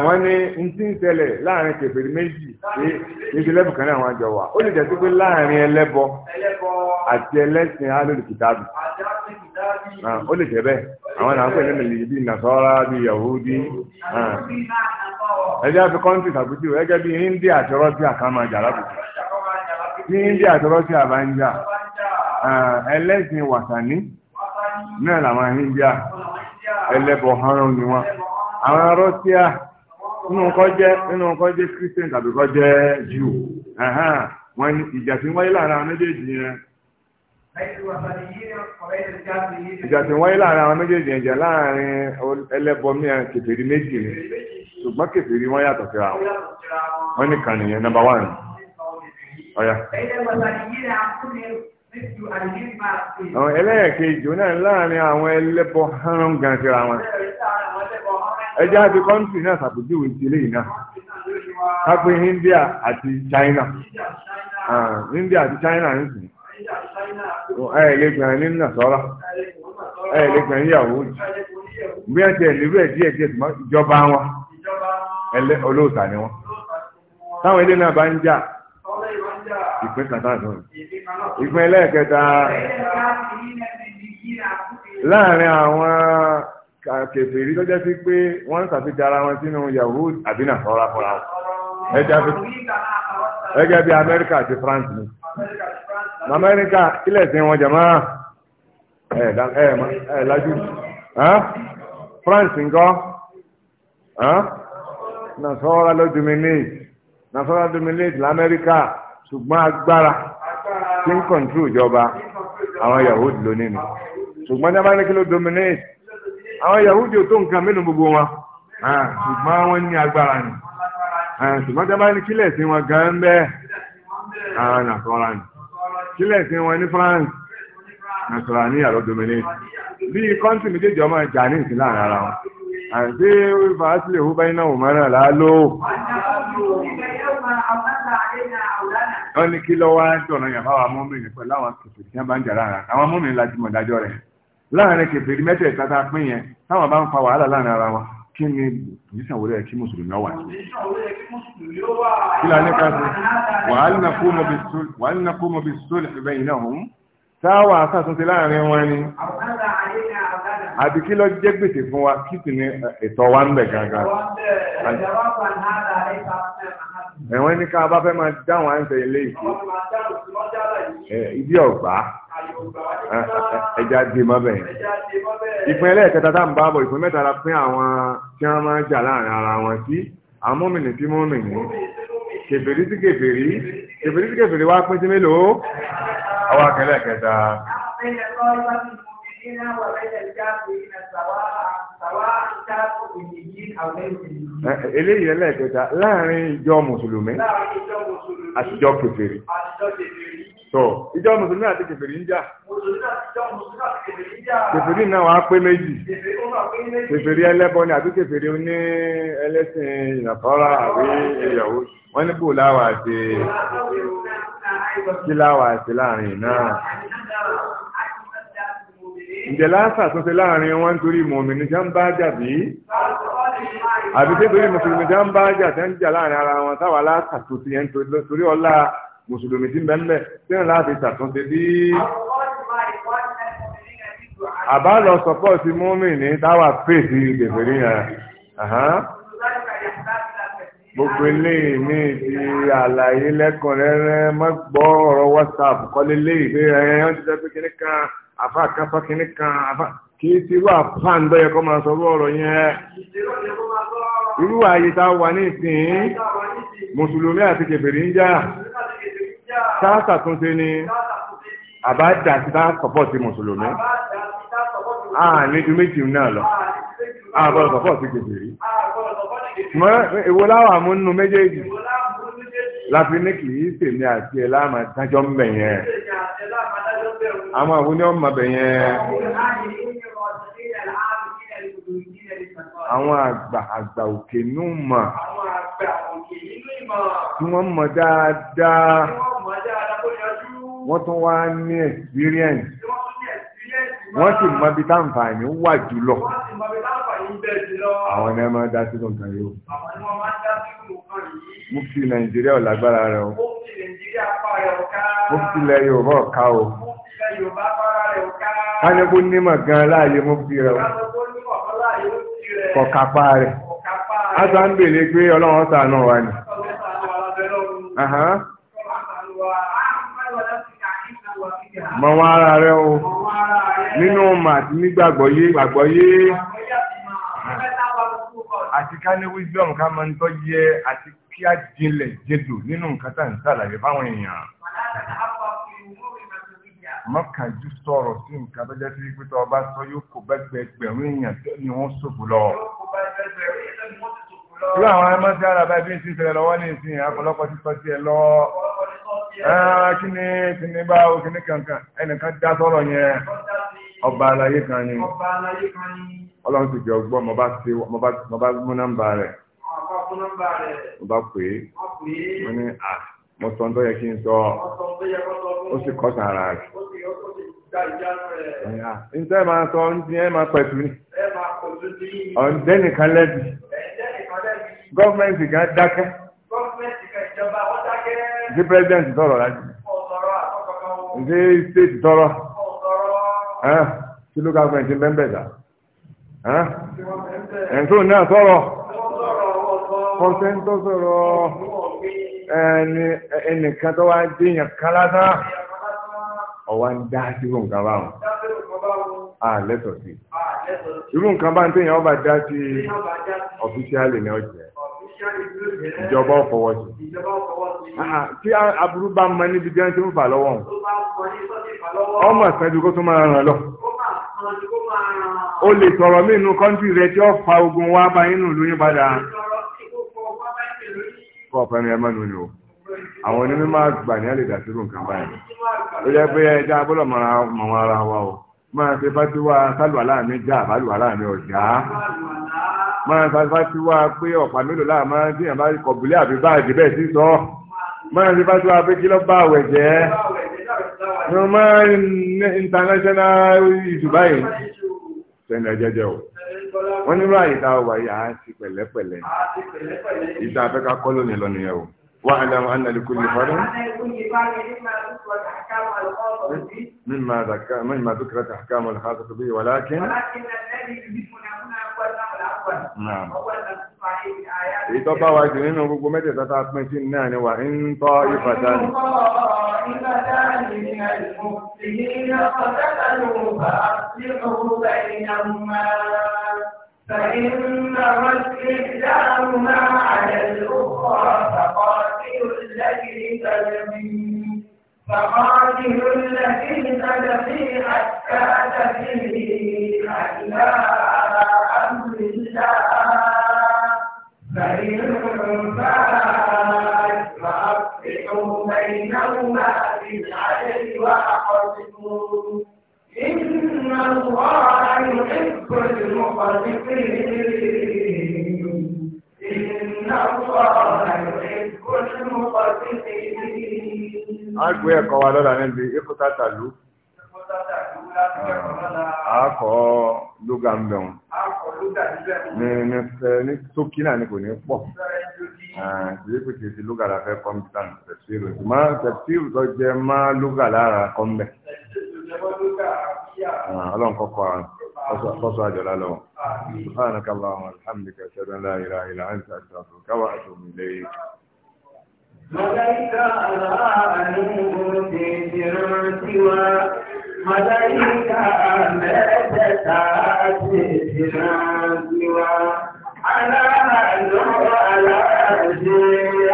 wọ́n ní n tí ń ṣẹlẹ̀ láàrin kèfèrí méjì sí ibi lẹ́bù kan náà wọ́n jọ wà ó lè jẹ́ sí pé láàrin ẹlẹ́bọ àti ẹlẹ́sìn alólùkìtàbì ó lè jẹ́ bẹ́ẹ̀ àwọn náà ń pè ní mìlìyí bíi nàṣọ́ra bíi yahudi ẹjẹ́ àti kọ́ńtì tàbùtì ẹgẹ́ bíi india àti rọ́ṣíà kan máa jà lábùkù bí india àti rọ́ṣíà bá ń jà Eh, ẹlẹ́sìn wàsàní náà làwọn India ẹlẹ́bọ haram ni wọ́n àwọn Russia nínú kọ́ Christian tàbí kọ́ jẹ́ wọ́n ìjà tí àwọn méjèèjì yẹn ìjà tí àwọn méjèèjì yẹn láàrin mìíràn méjì ni ṣùgbọ́n wọ́n yàtọ̀ ní nìyẹn one. àwọn ẹlẹ́ẹ̀kejì náà láàrin àwọn ẹlẹ́bọ̀ hánrán gan síra wọn ẹjẹ́ àti kọ́ńtì náà ṣàpèjúwe ti ilé ìná kápé India àti China India àti China ń sìn ẹ̀ẹ́dẹ́gbẹ̀rin ní yàwó bí wọ́n ti ẹ̀lẹ́rú ẹ̀ díẹ̀ díẹ̀ ìjọba wọn olóòtà ni wọn táwọn ilé náà bá ń jà ìpín kan náà nù. ìpín ẹlẹ́ẹ̀kẹta láàrin àwọn kèfèrí tó jẹ́ sí pé wọ́n ń ṣàfihàn ara wọn sínú Yahudi àbí Nasara fúnra wọn. ẹgẹ́ bí Amẹ́ríkà àti France ni. Amẹ́ríkà ilẹ̀ sí wọn jẹ̀mọ́ ẹ̀ lájú. France ńkọ́ Nasara ló dominate Nasara dominate l'Amẹ́ríkà ṣùgbọ́n agbára tí ń kọ̀ǹtú ìjọba àwọn Yahudi ló nínú ṣùgbọ́n tí a bá ní kí ló dominate àwọn Yahudi ò tó nǹkan mélòó gbogbo wọn ṣùgbọ́n wọ́n ní agbára ni ṣùgbọ́n tí a bá ní kílẹ̀ sí wọn gan ń bẹ́ẹ̀ àwọn nàkọ́ra ni kílẹ̀ sí wọn ní France nàkọ́ra ní àlọ́ dominate bí kọ́ńtì méjèèjì ọmọ ìjà ní ìsìn láàrin ara wọn àti fàásìlè hó báyìí náà òmárà láàlò wọ́n ní kí lọ́wọ́ dọ̀nà yàrá àwọn mọ́mìnì pẹ̀lú àwọn kẹfìrì tí wọ́n bá ń jà lára àwọn mọ́mìnì la jùmọ̀ dájọ́ rẹ̀ láàrin kẹfìrì mẹ́tẹ̀ẹ̀ta tá a pín yẹn táwọn bá ń fa wàhálà láàrin ara wa kí ni ìjísàn wọlé ẹ̀ kí mùsùlùmí ọwà kí la ní sí wàhálà kó mọ̀ bí sólì bẹ́yìn náà hùn táwọn àbí kí lọ jẹ́ gbèsè fún wa kí sì ni eh, ẹ̀tọ́ wa ń bẹ̀ gangan. ẹ̀wọ̀n ní ká bá fẹ́ máa dáhùn àǹsẹ̀ ilé ìkó ìdí ọ̀gbá ẹja dè mọ́ bẹ́ẹ̀. ìpín ẹlẹ́ẹ̀kẹta tá à ń bá bọ̀ ìpín mẹ́ta la pín àwọn tí wọ́n máa ń jà láàrin ara wọn sí àwọn mọ́mìnì tí kèfèrí sí kèfèrí kèfèrí sí kèfèrí wá pín sí mélòó ọwọ́ akẹ́lẹ́ẹ̀kẹta eléyìí ẹlẹ́ẹ̀kẹta láàrin ìjọ mùsùlùmí àti ìjọ kèfèrí tó ìjọ mùsùlùmí àti kèfèrí ń jà kèfèrí náà wàá pé méjì kèfèrí ẹlẹ́bọ ni àbí kèfèrí ní ẹlẹ́sìn ìnàkọ́ra àbí ìyàwó wọ́n ní bò láwàá ṣe kí láwàá ṣe láàrin náà ìjẹ̀lá sàtúnṣe láàrin wọn nítorí mọ̀mìnì já ń bá jà bí àbí tí torí mùsùlùmí já ń bá jà tẹ́ ń jà láàrin ara wọn táwa látàtúnṣe yẹn torí ọlá mùsùlùmí tí ń bẹ́ ń bẹ̀ tí wọn láti sàtúnṣe bí àbá lọ sọpọ́ọ̀tì mọ́mìnì táwa fèsì ìgbèfèrè yẹn gbogbo eléyìí ní ti àlàyé lẹ́kùnrẹ́rẹ́ mọ́gbọ́ ọ̀rọ̀ whatsapp kọ́lé léyìí pé ẹ̀yán ti sẹ́ pé kíní kan àfà kan sọ kìíní kan àfà kìí ti irú àfà ń dọ́yẹ kọ́ máa sọ ọ̀rọ̀ yẹn irú ààyè tá a wà ní ìsìn mùsùlùmí àti kèfèrí ń jà sáàsà tún ṣe ni àbájá ti bá sọ́pọ̀tì mùsùlùmí a ní ju méjì náà lọ àbọ̀ sọ́pọ̀tì kèfèrí mọ́ èwo láwà mú nínú méjèèjì láti ní kì í tèmi àti ẹ̀ láàmà dájọ́ ń bẹ̀ yẹn. àwọn àwọn oní ọmọ bẹ̀ yẹn. àwọn àgbà àgbà òkè nù mọ̀. tí wọ́n mọ̀ dáadáa. wọ́n tún wá ní experience. wọ́n sì mọ ibi táǹfààní wà jùlọ. àwọn ẹni ẹ máa dá sí nǹkan yìí o mufti nàìjíríà ọ̀làgbára rẹ̀ o mufti ilẹ̀ yorùbá ọ̀ká o kánẹ́kù nímọ̀ gan láàyè mufti rẹ̀ o kọ̀kápá rẹ̀ a sá ń bèèrè pé ọlọ́run ṣàánú wa ni. mọ wọn ara rẹ o nínú màtí nígbàgbọ́yé gbàgbọ́yé àti ká ní wisdom ká máa ń tọ́jú ẹ àti kí á jinlẹ̀ jẹdò nínú nǹkan tá à ń sàlàyé fáwọn èèyàn. mọ́kànjú sọ̀rọ̀ sí nǹkan tó jẹ́ sí pé tó ọba sọ yóò kó bẹ́gbẹ̀gbẹ̀rún èèyàn ni wọ́n ṣòfò lọ. irú àwọn ẹmọ́sí araba ẹbí ti ṣẹlẹ̀ lọ́wọ́ ní ìsìn àpọ̀lọpọ̀ ti sọ sí ẹ lọ. kí ni kí ni bá o kí ni kankan ẹnìkan dá sọ̀rọ̀ yẹn ọba aláyé kan ni ọlọ́run ti jẹ́ ọgbọ́n mo bá múnà ń ba rẹ̀ ó bá pè é wọ́n ní à mo sọ tó yẹ kí n sọ ó sì kọ́ sára rẹ̀ ǹjẹ́ ẹ máa sọ ǹjẹ́ ẹ máa pẹ̀tù ni ọ̀ǹdẹ́ nìkan lẹ́bi gọ́ọ̀mẹ̀ntì kan dákẹ́ ǹjẹ́ pírẹ́sidẹ̀ntì tọrọ lájú ǹjẹ́ stéètì tọrọ kí ló gàgbẹ̀ntì bẹ́ẹ̀ bẹ́ẹ̀ dà ẹ̀ ń tó náà tọrọ kọ̀sẹ́ńtọ́ sọ̀rọ̀ ẹnìkan tó wá dé èèyàn kan ọ̀wá ń dá sí irú nǹkan báwọn a lẹ́tọ̀ọ́ sí irú nǹkan bá ń téèyàn ọba dá sí ọ̀fíṣíálì ní ọ̀jẹ̀ ìjọba ọ̀fọwọ́ sí tí aburú bá mọ níbi jẹ́ tí ń fà lọ́wọ́ ọmọ ìsẹ́jú kó tún máa ràn lọ o lè sọ̀rọ̀ mí inú kọ́ńtì rẹ tí ó fa ogun wá bá inú ìlú yín padà kọ́ọ̀pù ẹni ẹmọ́ nù ni o àwọn onímọ̀ máa gbà ní àlè dàtírù nǹkan báyìí ó jẹ́ pé ẹja gbọ́dọ̀ mọ ara wa o máa ṣe bá ti wá sálùwà láàmì já àbálùwà láàmì ọ̀já máa ṣe bá ti wá pé ọ̀pá mélòó láà máa ń díyàn bá kọ̀bùlé àbí báàgì bẹ́ẹ̀ sí sọ máa ṣe bá ti wá pé kí ló bá àwẹ̀ jẹ́ ní wọ́n máa ń international issue báyìí sẹ́ni ẹjẹ́ o wọ́n nírú àyè tá a wà yìí àá ti pẹ̀lẹ́pẹ̀lẹ́ ìta afẹ́ká kọ́ lónìí lọ nìyẹn o wà á dáhùn ánà lukú ní fadún. mímà dàkà mímà dúkìrà tàkà mọ̀lẹ́ká tó bí wàlákin. wàlákin نعم bá wa jù nínú gbogbo mẹ́tẹ̀ẹ̀ta tá فإن والاستهزاء ما على الأخرى فقاتلوا التي تبغي فقاتلوا التي تبغي حتى تبغي أدناء أمر الله فإن فات فأصلحوا بينهما بالعدل وأقسطوا إن الله يحب المقسطين إن الله يحب المقسطين. أقوى قوالا عندي اقتتلوا Ah, akọ lóga ń bẹ̀rùn ní ní fẹ́ ní sókí náà ni kò ní pọ̀ ah, ṣe pé kìí ṣe lóga la fẹ́ kọ́mpútà ní tẹ̀síìrù ṣùgbọ́n tẹ̀síìrù tó jẹ máa lóga lára kọ́mbẹ̀ ah, ọlọ́run kọ́kọ́ kọ́sọ́ àjọlá lọ سبحانك اللهم وبحمدك اشهد ان لا اله الا انت استغفرك واتوب اليك وليس على ان في سوى Màláíkà mẹ́tẹ̀ẹ̀ta ti ìdìnà tiwa. Alára lọ́wọ́ aláàjẹ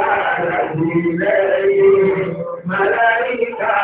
àràjì lẹ́yìn. Màláíkà